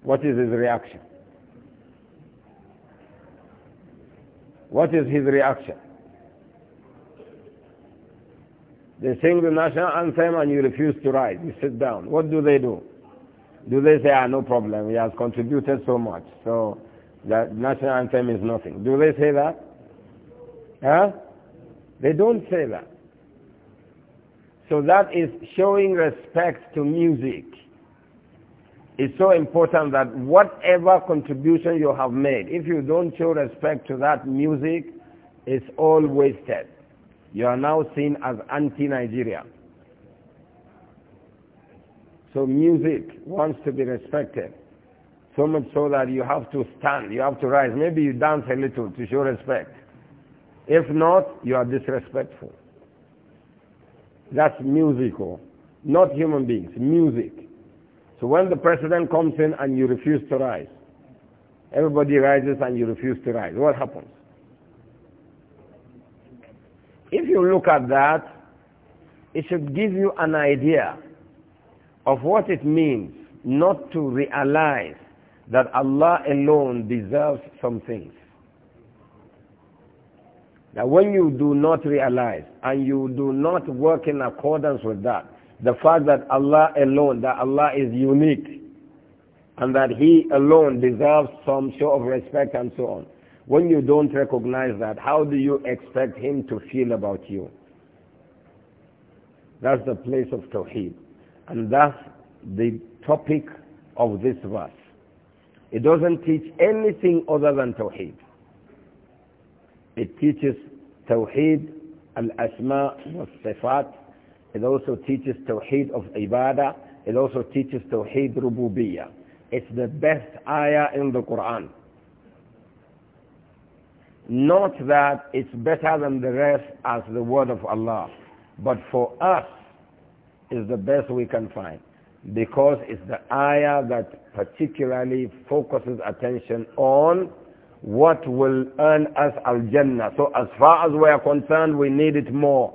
what is his reaction? What is his reaction? They sing the national anthem and you refuse to rise. You sit down. What do they do? do they say, ah, no problem, he has contributed so much, so the national anthem is nothing? Do they say that? Huh? They don't say that. So that is showing respect to music. It's so important that whatever contribution you have made, if you don't show respect to that music, it's all wasted. You are now seen as anti-Nigeria. So music wants to be respected. So much so that you have to stand, you have to rise. Maybe you dance a little to show respect. If not, you are disrespectful. That's musical, not human beings, music. So when the president comes in and you refuse to rise, everybody rises and you refuse to rise, what happens? If you look at that, it should give you an idea of what it means not to realize that Allah alone deserves some things. Now when you do not realize and you do not work in accordance with that, the fact that Allah alone, that Allah is unique and that He alone deserves some show of respect and so on. When you don't recognize that, how do you expect Him to feel about you? That's the place of Tawheed. And that's the topic of this verse. It doesn't teach anything other than Tawheed. It teaches Tawheed al-Asma wa-Sifat. It also teaches Tawheed of Ibadah. It also teaches Tawheed Rububiyyah. It's the best ayah in the Quran. Not that it's better than the rest as the word of Allah, but for us is the best we can find because it's the ayah that particularly focuses attention on what will earn us al-Jannah. So as far as we are concerned, we need it more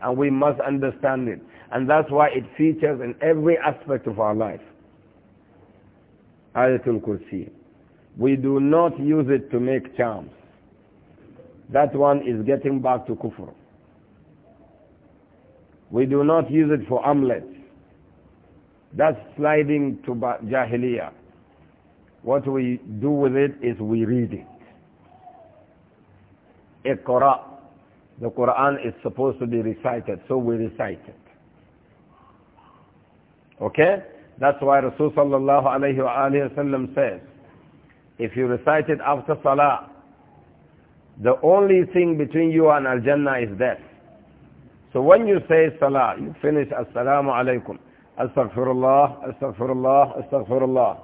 and we must understand it. And that's why it features in every aspect of our life. Ayatul Kursi. We do not use it to make charms. That one is getting back to kufr. We do not use it for omelets. That's sliding to Jahiliyyah. What we do with it is we read it. Iqra. The Quran is supposed to be recited, so we recite it. Okay? That's why Rasulullah sallallahu alayhi wa alayhi wa says, if you recite it after salah, the only thing between you and Al-Jannah is death. So when you say salah, you finish assalamu alaikum. Astaghfirullah, astaghfirullah, astaghfirullah.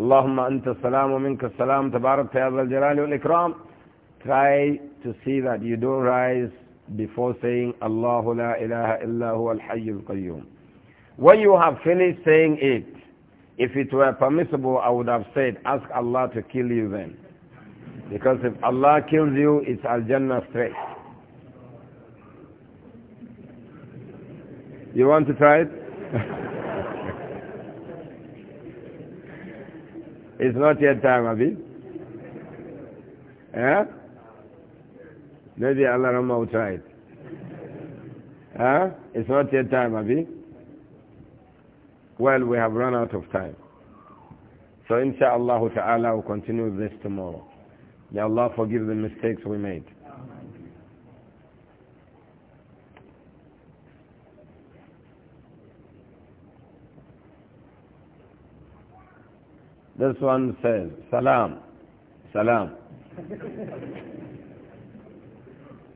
Allahumma anta salamu minka salam tabarak ya al jalali wal ikram. Try to see that you don't rise before saying Allahu la ilaha illa huwa al hayyul qayyum. When you have finished saying it, if it were permissible, I would have said, ask Allah to kill you then. Because if Allah kills you, it's Al-Jannah straight. You want to try it? it's not yet time, Abi. Yeah? Maybe Allah Rama will try it. Eh? It's not yet time, Abi. Well, we have run out of time. So inshallah ta'ala we'll continue this tomorrow. May Allah forgive the mistakes we made. This one says, Salam, Salam.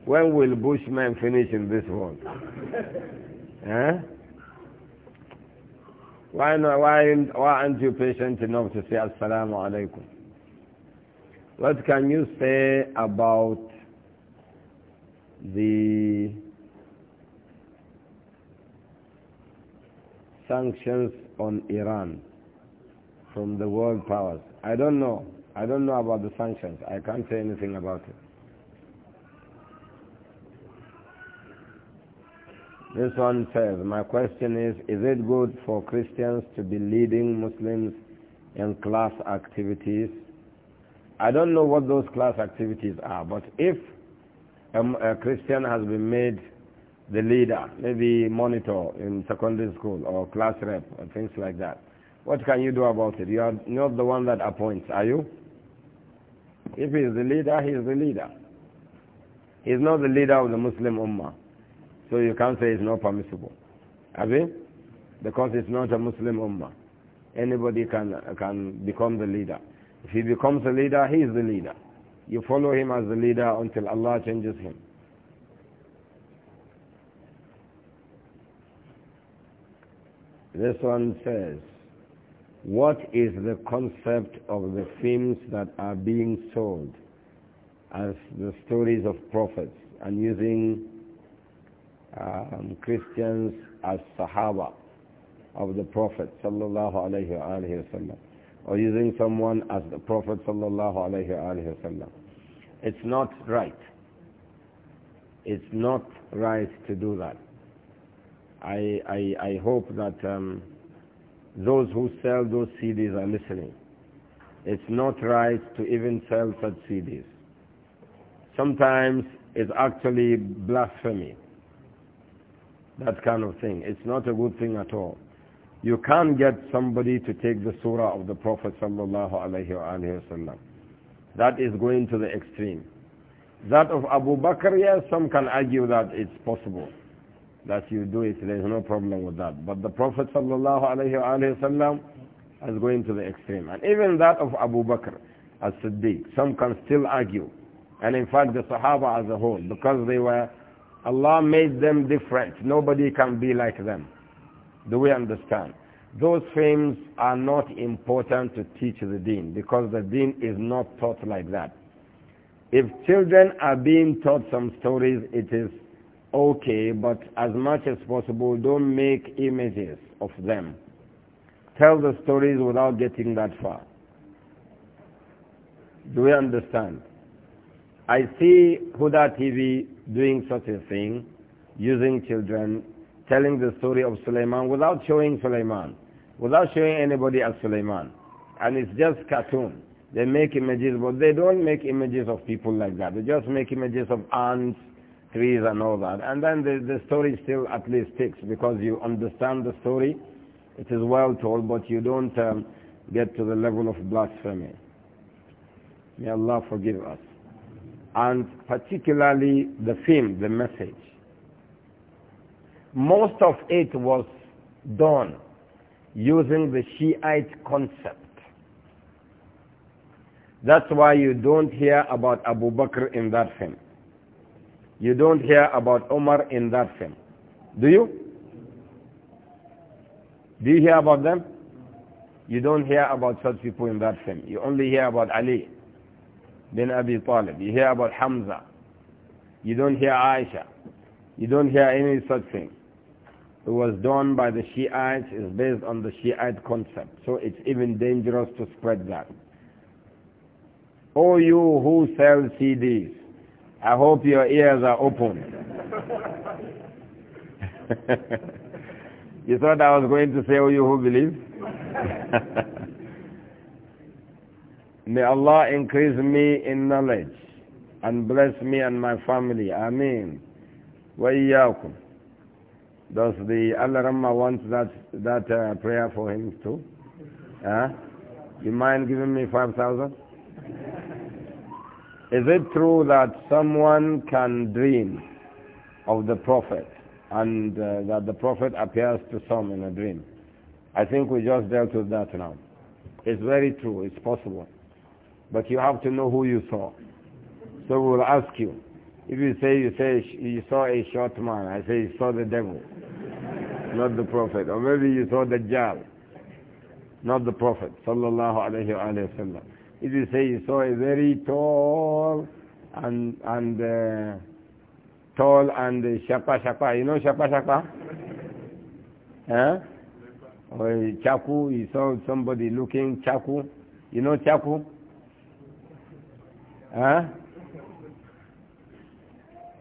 when will Bushman finish in this world? eh? Why, not, why, why aren't you patient enough to say Assalamu alaikum? What can you say about the sanctions on Iran? from the world powers. I don't know. I don't know about the sanctions. I can't say anything about it. This one says, my question is, is it good for Christians to be leading Muslims in class activities? I don't know what those class activities are, but if a, a Christian has been made the leader, maybe monitor in secondary school or class rep and things like that, what can you do about it? You are not the one that appoints, are you? If he is the leader, he is the leader. He is not the leader of the Muslim Ummah. So you can't say it's not permissible. Have you? Because it's not a Muslim Ummah. Anybody can, can become the leader. If he becomes the leader, he is the leader. You follow him as the leader until Allah changes him. This one says, what is the concept of the films that are being sold as the stories of prophets and using um, Christians as Sahaba of the Prophet sallallahu alayhi wasallam, or using someone as the Prophet sallallahu alayhi wasallam. It's not right. It's not right to do that. I, I, I hope that um, those who sell those CDs are listening. It's not right to even sell such CDs. Sometimes it's actually blasphemy. That kind of thing. It's not a good thing at all. You can't get somebody to take the surah of the Prophet sallallahu alaihi wasallam. That is going to the extreme. That of Abu Bakr, yes, some can argue that it's possible that you do it, there is no problem with that. But the Prophet وسلم is going to the extreme. And even that of Abu Bakr as Siddiq, some can still argue. And in fact the Sahaba as a whole, because they were, Allah made them different. Nobody can be like them. Do we understand? Those things are not important to teach the deen because the deen is not taught like that. If children are being taught some stories, it is okay, but as much as possible, don't make images of them. Tell the stories without getting that far. Do we understand? I see Huda TV doing such a thing, using children, telling the story of Suleiman without showing Suleiman, without showing anybody as Suleiman. And it's just cartoon. They make images, but they don't make images of people like that. They just make images of ants, trees and all that. And then the, the story still at least sticks because you understand the story. It is well told, but you don't um, get to the level of blasphemy. May Allah forgive us. And particularly the theme, the message. Most of it was done using the Shiite concept. That's why you don't hear about Abu Bakr in that film. You don't hear about Omar in that film. Do you? Do you hear about them? You don't hear about such people in that film. You only hear about Ali bin Abi Talib. You hear about Hamza. You don't hear Aisha. You don't hear any such thing. It was done by the Shiites, It's based on the Shiite concept. So it's even dangerous to spread that. Oh you who sell CDs, I hope your ears are open. you thought I was going to say, oh, you who believe? May Allah increase me in knowledge and bless me and my family. Ameen. وَإِيَّاكُمْ Does the Allah Ramah want that, that uh, prayer for him too? Huh? You mind giving me 5,000? Is it true that someone can dream of the Prophet and uh, that the Prophet appears to some in a dream? I think we just dealt with that now. It's very true, it's possible. But you have to know who you saw. So we will ask you. If you say you say you saw a short man, I say you saw the devil, not the Prophet. Or maybe you saw the Jal, not the Prophet, sallallahu alayhi wa sallam. If you say you saw a very tall and and uh, tall and uh, shapa shapa, you know shapa shapa, huh? Or chaku, you saw somebody looking chaku, you know chaku, huh?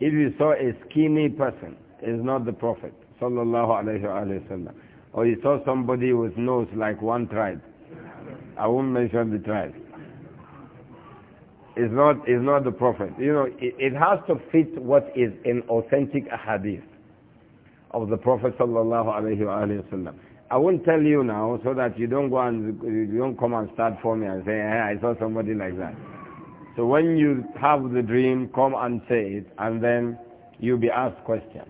If you saw a skinny person, it's not the Prophet, sallallahu alaihi wasallam. Or you saw somebody with nose like one tribe. I won't mention the tribe is not, is not the prophet. You know, it, it has to fit what is in authentic hadith of the Prophet sallallahu alaihi wasallam. I won't tell you now so that you don't go and you don't come and start for me and say, hey, eh, I saw somebody like that. So when you have the dream, come and say it, and then you'll be asked questions.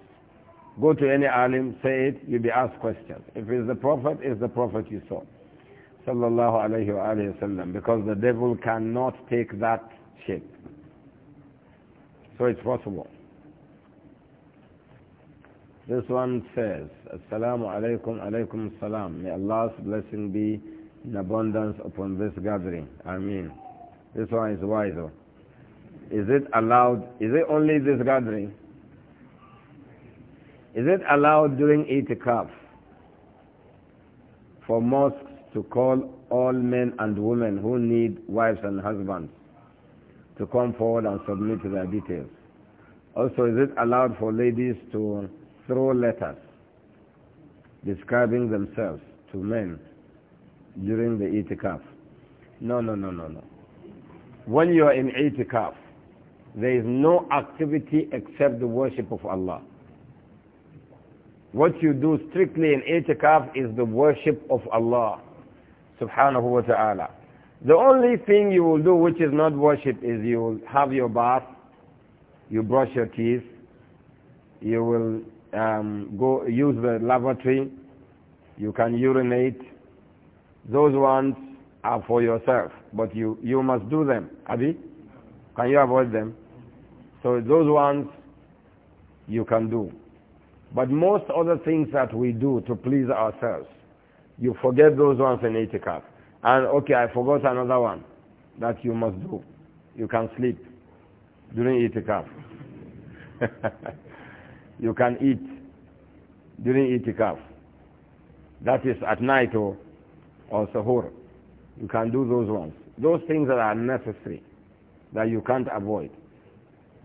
Go to any alim, say it, you'll be asked questions. If it's the prophet, it's the prophet you saw sallallahu alayhi wa alayhi wasallam because the devil cannot take that shape. So it's possible. This one says, Assalamu alaikum alaikum salam. May Allah's blessing be in abundance upon this gathering. mean, This one is wiser. Is it allowed? Is it only this gathering? Is it allowed during itikaf for mosques to call all men and women who need wives and husbands to come forward and submit their details. Also, is it allowed for ladies to throw letters describing themselves to men during the itikaf? No, no, no, no, no. When you are in itikaf, there is no activity except the worship of Allah. What you do strictly in itikaf is the worship of Allah subhanahu wa ta'ala. The only thing you will do which is not worship is you will have your bath, you brush your teeth, you will um, go use the lavatory, you can urinate. Those ones are for yourself, but you, you must do them. Abi, can you avoid them? So those ones you can do. But most other things that we do to please ourselves, you forget those ones in itikaf. And okay, I forgot another one that you must do. You can sleep during itikaf. you can eat during itikaf. That is at night or, oh, or sahur. You can do those ones. Those things that are necessary, that you can't avoid.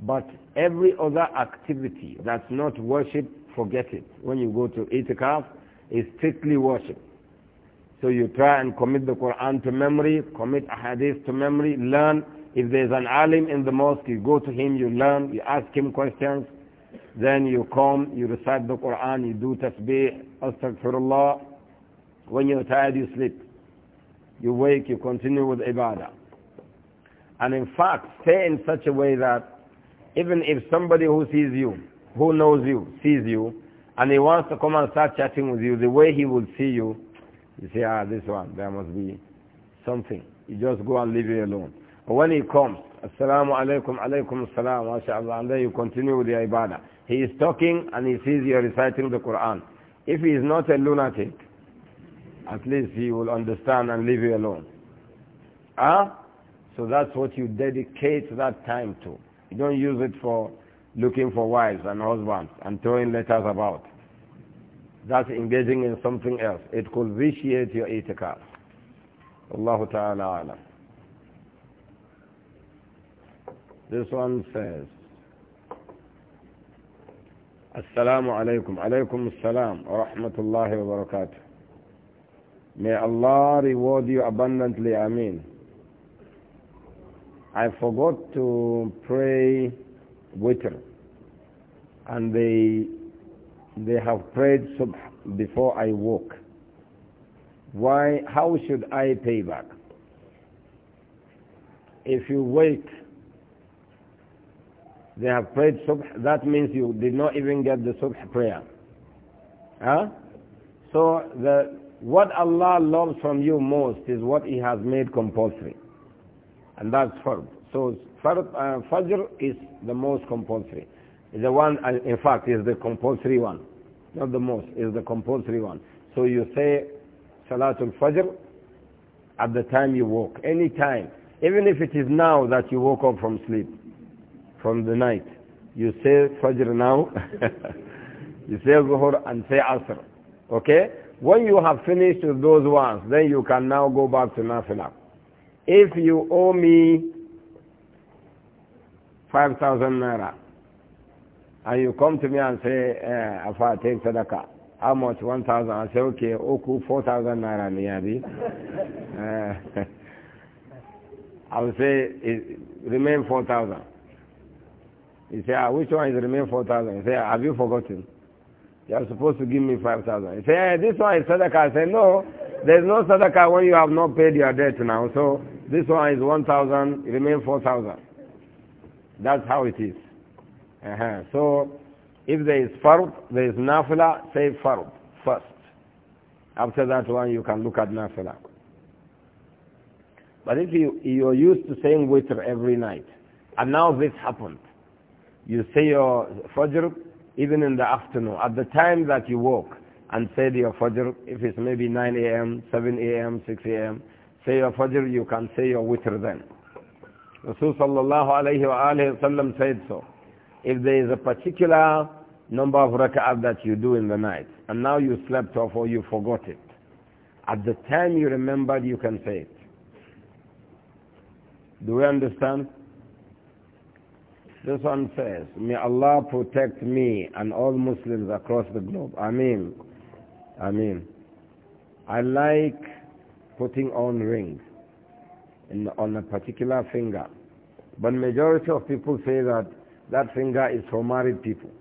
But every other activity that's not worship, forget it. When you go to itikaf, it's strictly worship. So you try and commit the Quran to memory, commit Hadith to memory, learn. If there's an alim in the mosque, you go to him, you learn, you ask him questions. Then you come, you recite the Quran, you do tasbih, astaghfirullah. When you're tired, you sleep. You wake, you continue with ibadah. And in fact, stay in such a way that even if somebody who sees you, who knows you, sees you, and he wants to come and start chatting with you, the way he will see you you say, ah, this one, there must be something. You just go and leave it alone. But when he comes, assalamu alaikum, alaikum assalam, mashallah, and then you continue with your ibadah. He is talking and he sees you reciting the Quran. If he is not a lunatic, at least he will understand and leave you alone. Ah? So that's what you dedicate that time to. You don't use it for looking for wives and husbands and throwing letters about that's engaging in something else. It could vitiate your itikaf. Allah Ta'ala alam. This one says, Assalamu alaikum, alaikum assalam, wa rahmatullahi wa barakatuh. May Allah reward you abundantly, Ameen. I forgot to pray witr and the they have prayed subh before I woke. Why, how should I pay back? If you wait, they have prayed subh, that means you did not even get the subh prayer. Huh? So the, what Allah loves from you most is what He has made compulsory. And that's fard. So fard, uh, Fajr is the most compulsory. The one, in fact, is the compulsory one. Not the most, is the compulsory one. So you say Salatul Fajr at the time you woke, any time. Even if it is now that you woke up from sleep, from the night, you say Fajr now, you say Zuhur and say Asr. Okay? When you have finished those ones, then you can now go back to Nafilah. If you owe me 5,000 naira, and you come to me and say, eh, if I take sadaqah, how much? 1,000. I say, okay, oku, 4,000 naira niyabi. Eh, I will say, it, remain 4,000. He say, ah, which one is remain 4,000? He say, have you forgotten? You are supposed to give me 5,000. He say, hey, eh, this one is sadaqah. I say, no, there's no sadaqah when you have not paid your debt now. So this one is 1,000, remain 4,000. That's how it is. Uh -huh. So, if there is fard, there is nafila, say fard first. After that one, you can look at nafila. But if you, you're used to saying witr every night, and now this happened, you say your fajr even in the afternoon, at the time that you woke, and say your fajr, if it's maybe 9 a.m., 7 a.m., 6 a.m., say your fajr, you can say your witr then. Rasul sallallahu alayhi wa alayhi wa sallam said so if there is a particular number of rak'ah that you do in the night, and now you slept off or you forgot it, at the time you remembered, you can say it. Do we understand? This one says, May Allah protect me and all Muslims across the globe. Ameen. Ameen. I like putting on rings on a particular finger. But majority of people say that that finger is for married people.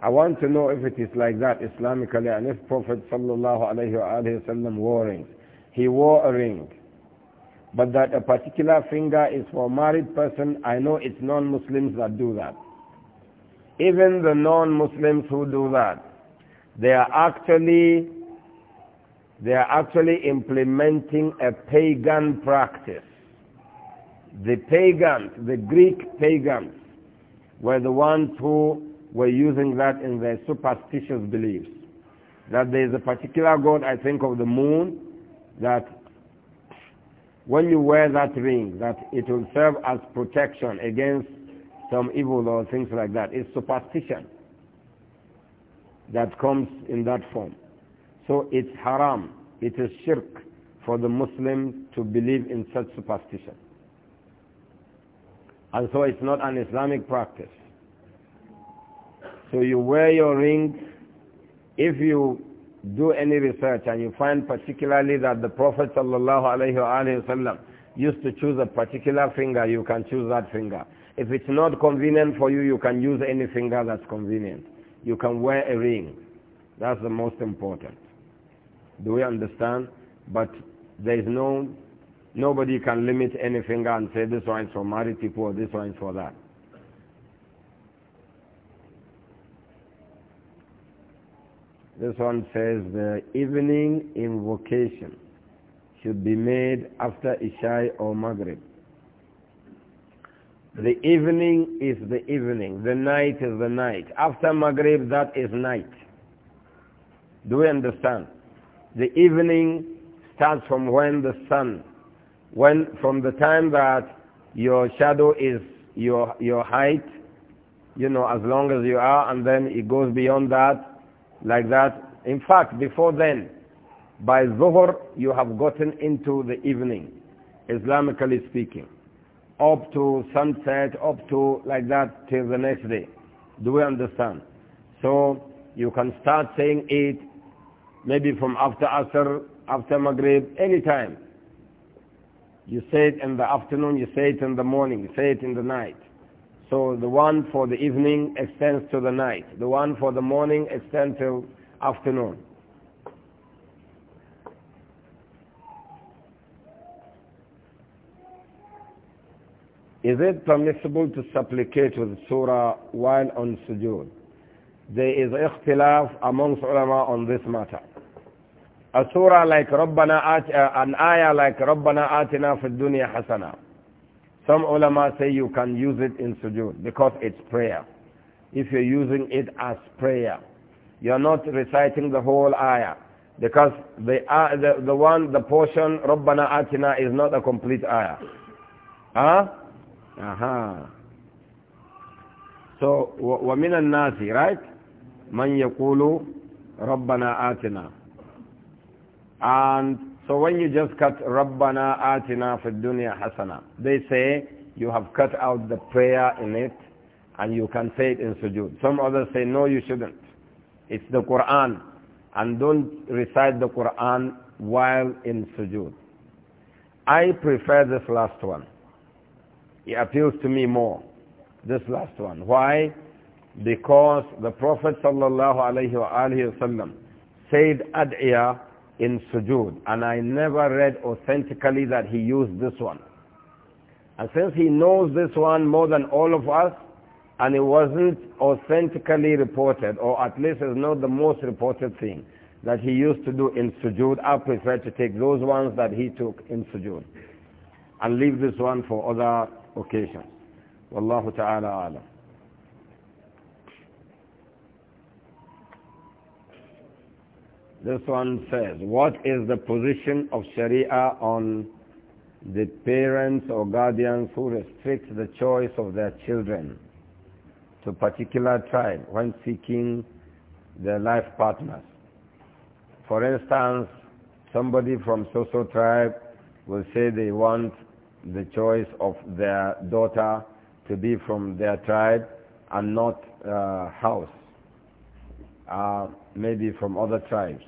I want to know if it is like that Islamically and if Prophet sallallahu alayhi wasallam wore rings. He wore a ring. But that a particular finger is for a married person, I know it's non-Muslims that do that. Even the non-Muslims who do that, they are actually, they are actually implementing a pagan practice. The pagans, the Greek pagans, were the ones who were using that in their superstitious beliefs. That there is a particular god, I think of the moon, that when you wear that ring, that it will serve as protection against some evil or things like that. It's superstition that comes in that form. So it's haram, it is shirk for the Muslim to believe in such superstition. And so it's not an Islamic practice. So you wear your ring. If you do any research and you find particularly that the Prophet ﷺ used to choose a particular finger, you can choose that finger. If it's not convenient for you, you can use any finger that's convenient. You can wear a ring. That's the most important. Do we understand? But there is no Nobody can limit any finger and say this one is for married people or this one is for that. This one says the evening invocation should be made after Isha or Maghrib. The evening is the evening. The night is the night. After Maghrib, that is night. Do we understand? The evening starts from when the sun when from the time that your shadow is your your height, you know, as long as you are, and then it goes beyond that, like that. In fact, before then, by Zuhr, you have gotten into the evening, Islamically speaking, up to sunset, up to like that till the next day. Do we understand? So you can start saying it maybe from after Asr, after Maghrib, any time. You say it in the afternoon, you say it in the morning, you say it in the night. So the one for the evening extends to the night. The one for the morning extends till afternoon. Is it permissible to supplicate with surah while on sujood? There is ikhtilaf amongst ulama on this matter a surah like Rabbana Ati, uh, an ayah like Rabbana Atina fid dunya hasana. Some ulama say you can use it in sujood because it's prayer. If you're using it as prayer, you're not reciting the whole ayah because the, uh, the, the one, the portion Rabbana Atina is not a complete ayah. Huh? Aha. So, وَمِنَ nasi Right? Man يَقُولُ رَبَّنَا Atina. And so when you just cut Rabbana Atina Fid Dunya Hasana, they say you have cut out the prayer in it and you can say it in sujood. Some others say, no, you shouldn't. It's the Quran. And don't recite the Quran while in sujood. I prefer this last one. It appeals to me more, this last one. Why? Because the Prophet sallallahu alayhi wa said, Ad'iyah in sujood. And I never read authentically that he used this one. And since he knows this one more than all of us, and it wasn't authentically reported, or at least it's not the most reported thing that he used to do in sujood, I prefer to take those ones that he took in sujood and leave this one for other occasions. Wallahu ta'ala alam. This one says, what is the position of Sharia on the parents or guardians who restrict the choice of their children to particular tribe when seeking their life partners? For instance, somebody from Soso tribe will say they want the choice of their daughter to be from their tribe and not uh, house. Uh, maybe from other tribes.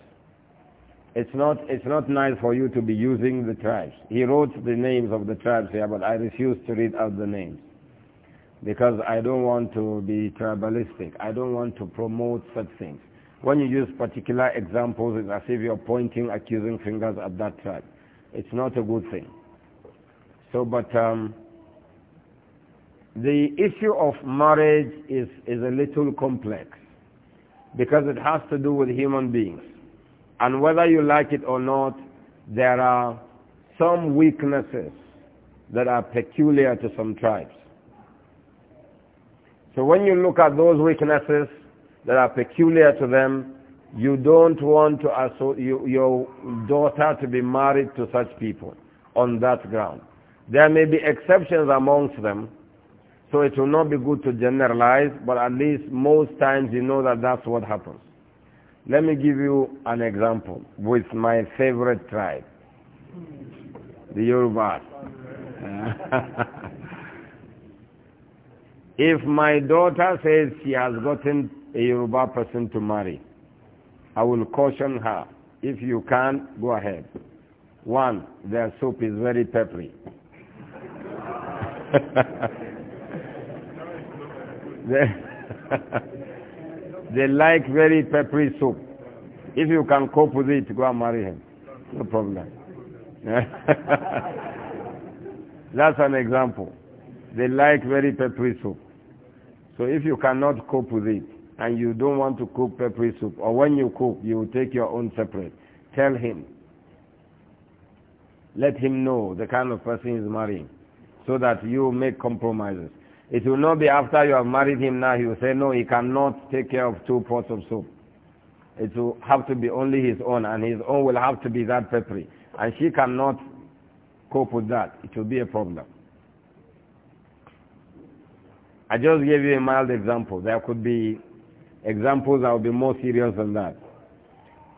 It's not, it's not nice for you to be using the tribes. He wrote the names of the tribes here, but I refuse to read out the names because I don't want to be tribalistic. I don't want to promote such things. When you use particular examples, it's as if you're pointing accusing fingers at that tribe. It's not a good thing. So, but um, the issue of marriage is, is a little complex because it has to do with human beings. And whether you like it or not, there are some weaknesses that are peculiar to some tribes. So when you look at those weaknesses that are peculiar to them, you don't want to asso- you, your daughter to be married to such people on that ground. There may be exceptions amongst them, so it will not be good to generalize, but at least most times you know that that's what happens. Let me give you an example with my favorite tribe, the Yoruba. if my daughter says she has gotten a Yoruba person to marry, I will caution her. If you can, go ahead. One, their soup is very peppery. They, they like very peppery soup. If you can cope with it, go and marry him. No problem. That's an example. They like very peppery soup. So if you cannot cope with it, and you don't want to cook peppery soup, or when you cook, you take your own separate, tell him. Let him know the kind of person he's marrying, so that you make compromises. It will not be after you have married him now, he will say, no, he cannot take care of two pots of soup. It will have to be only his own, and his own will have to be that peppery. And she cannot cope with that. It will be a problem. I just gave you a mild example. There could be examples that would be more serious than that.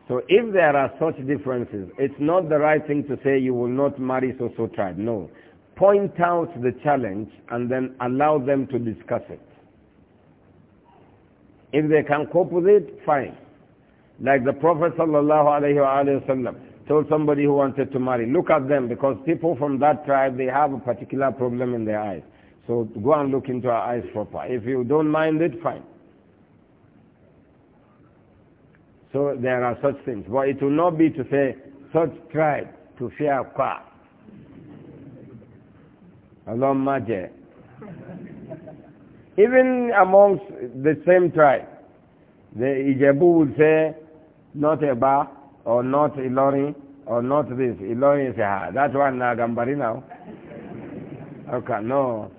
So if there are such differences, it's not the right thing to say you will not marry so-so tribe. No point out the challenge and then allow them to discuss it. If they can cope with it, fine. Like the Prophet ﷺ told somebody who wanted to marry, look at them because people from that tribe, they have a particular problem in their eyes. So go and look into our eyes proper. If you don't mind it, fine. So there are such things. But it will not be to say, such tribe, to fear car. Allahumma Even amongst the same tribe, the Ijebu would say, not Eba, or not Ilori, or not this. Ilori is ah, that one na Gambari now. Okay, no.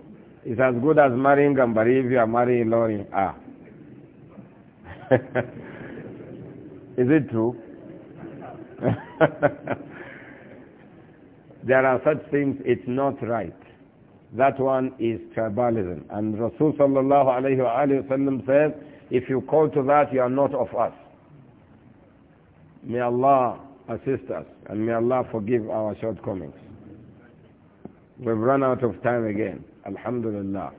It's as good as marrying Gambari if you are marrying Ilori. Ah. is it true? there are such things, it's not right. That one is tribalism. And Rasulullah sallallahu alayhi wa says, if you call to that, you are not of us. May Allah assist us and may Allah forgive our shortcomings. We've run out of time again. Alhamdulillah.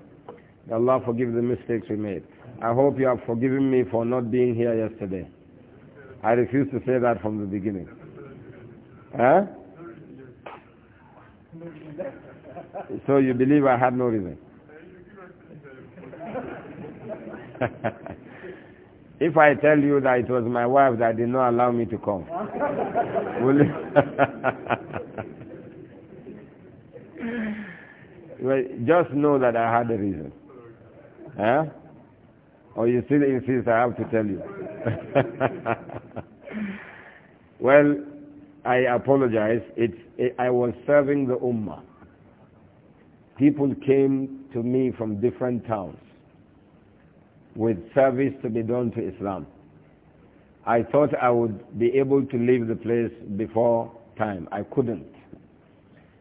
May Allah forgive the mistakes we made. I hope you have forgiven me for not being here yesterday. I refuse to say that from the beginning. Huh? So you believe I had no reason? if I tell you that it was my wife that did not allow me to come, will you? well, just know that I had a reason. Huh? Or you still insist I have to tell you. well, I apologize. It's, it, I was serving the Ummah people came to me from different towns with service to be done to Islam. I thought I would be able to leave the place before time. I couldn't.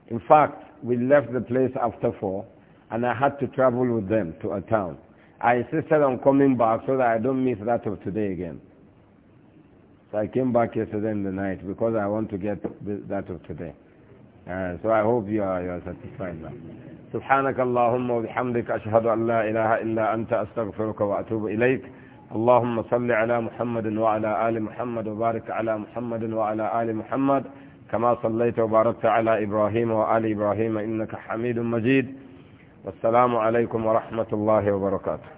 In fact, we left the place after four and I had to travel with them to a town. I insisted on coming back so that I don't miss that of today again. So I came back yesterday in the night because I want to get that of today. آه، so I hope you are, you are satisfied now. سبحانك اللهم وبحمدك أشهد أن لا إله إلا أنت أستغفرك وأتوب إليك اللهم صل على محمد وعلى آل محمد وبارك على محمد وعلى آل محمد كما صليت وباركت على إبراهيم وآل إبراهيم إنك حميد مجيد والسلام عليكم ورحمة الله وبركاته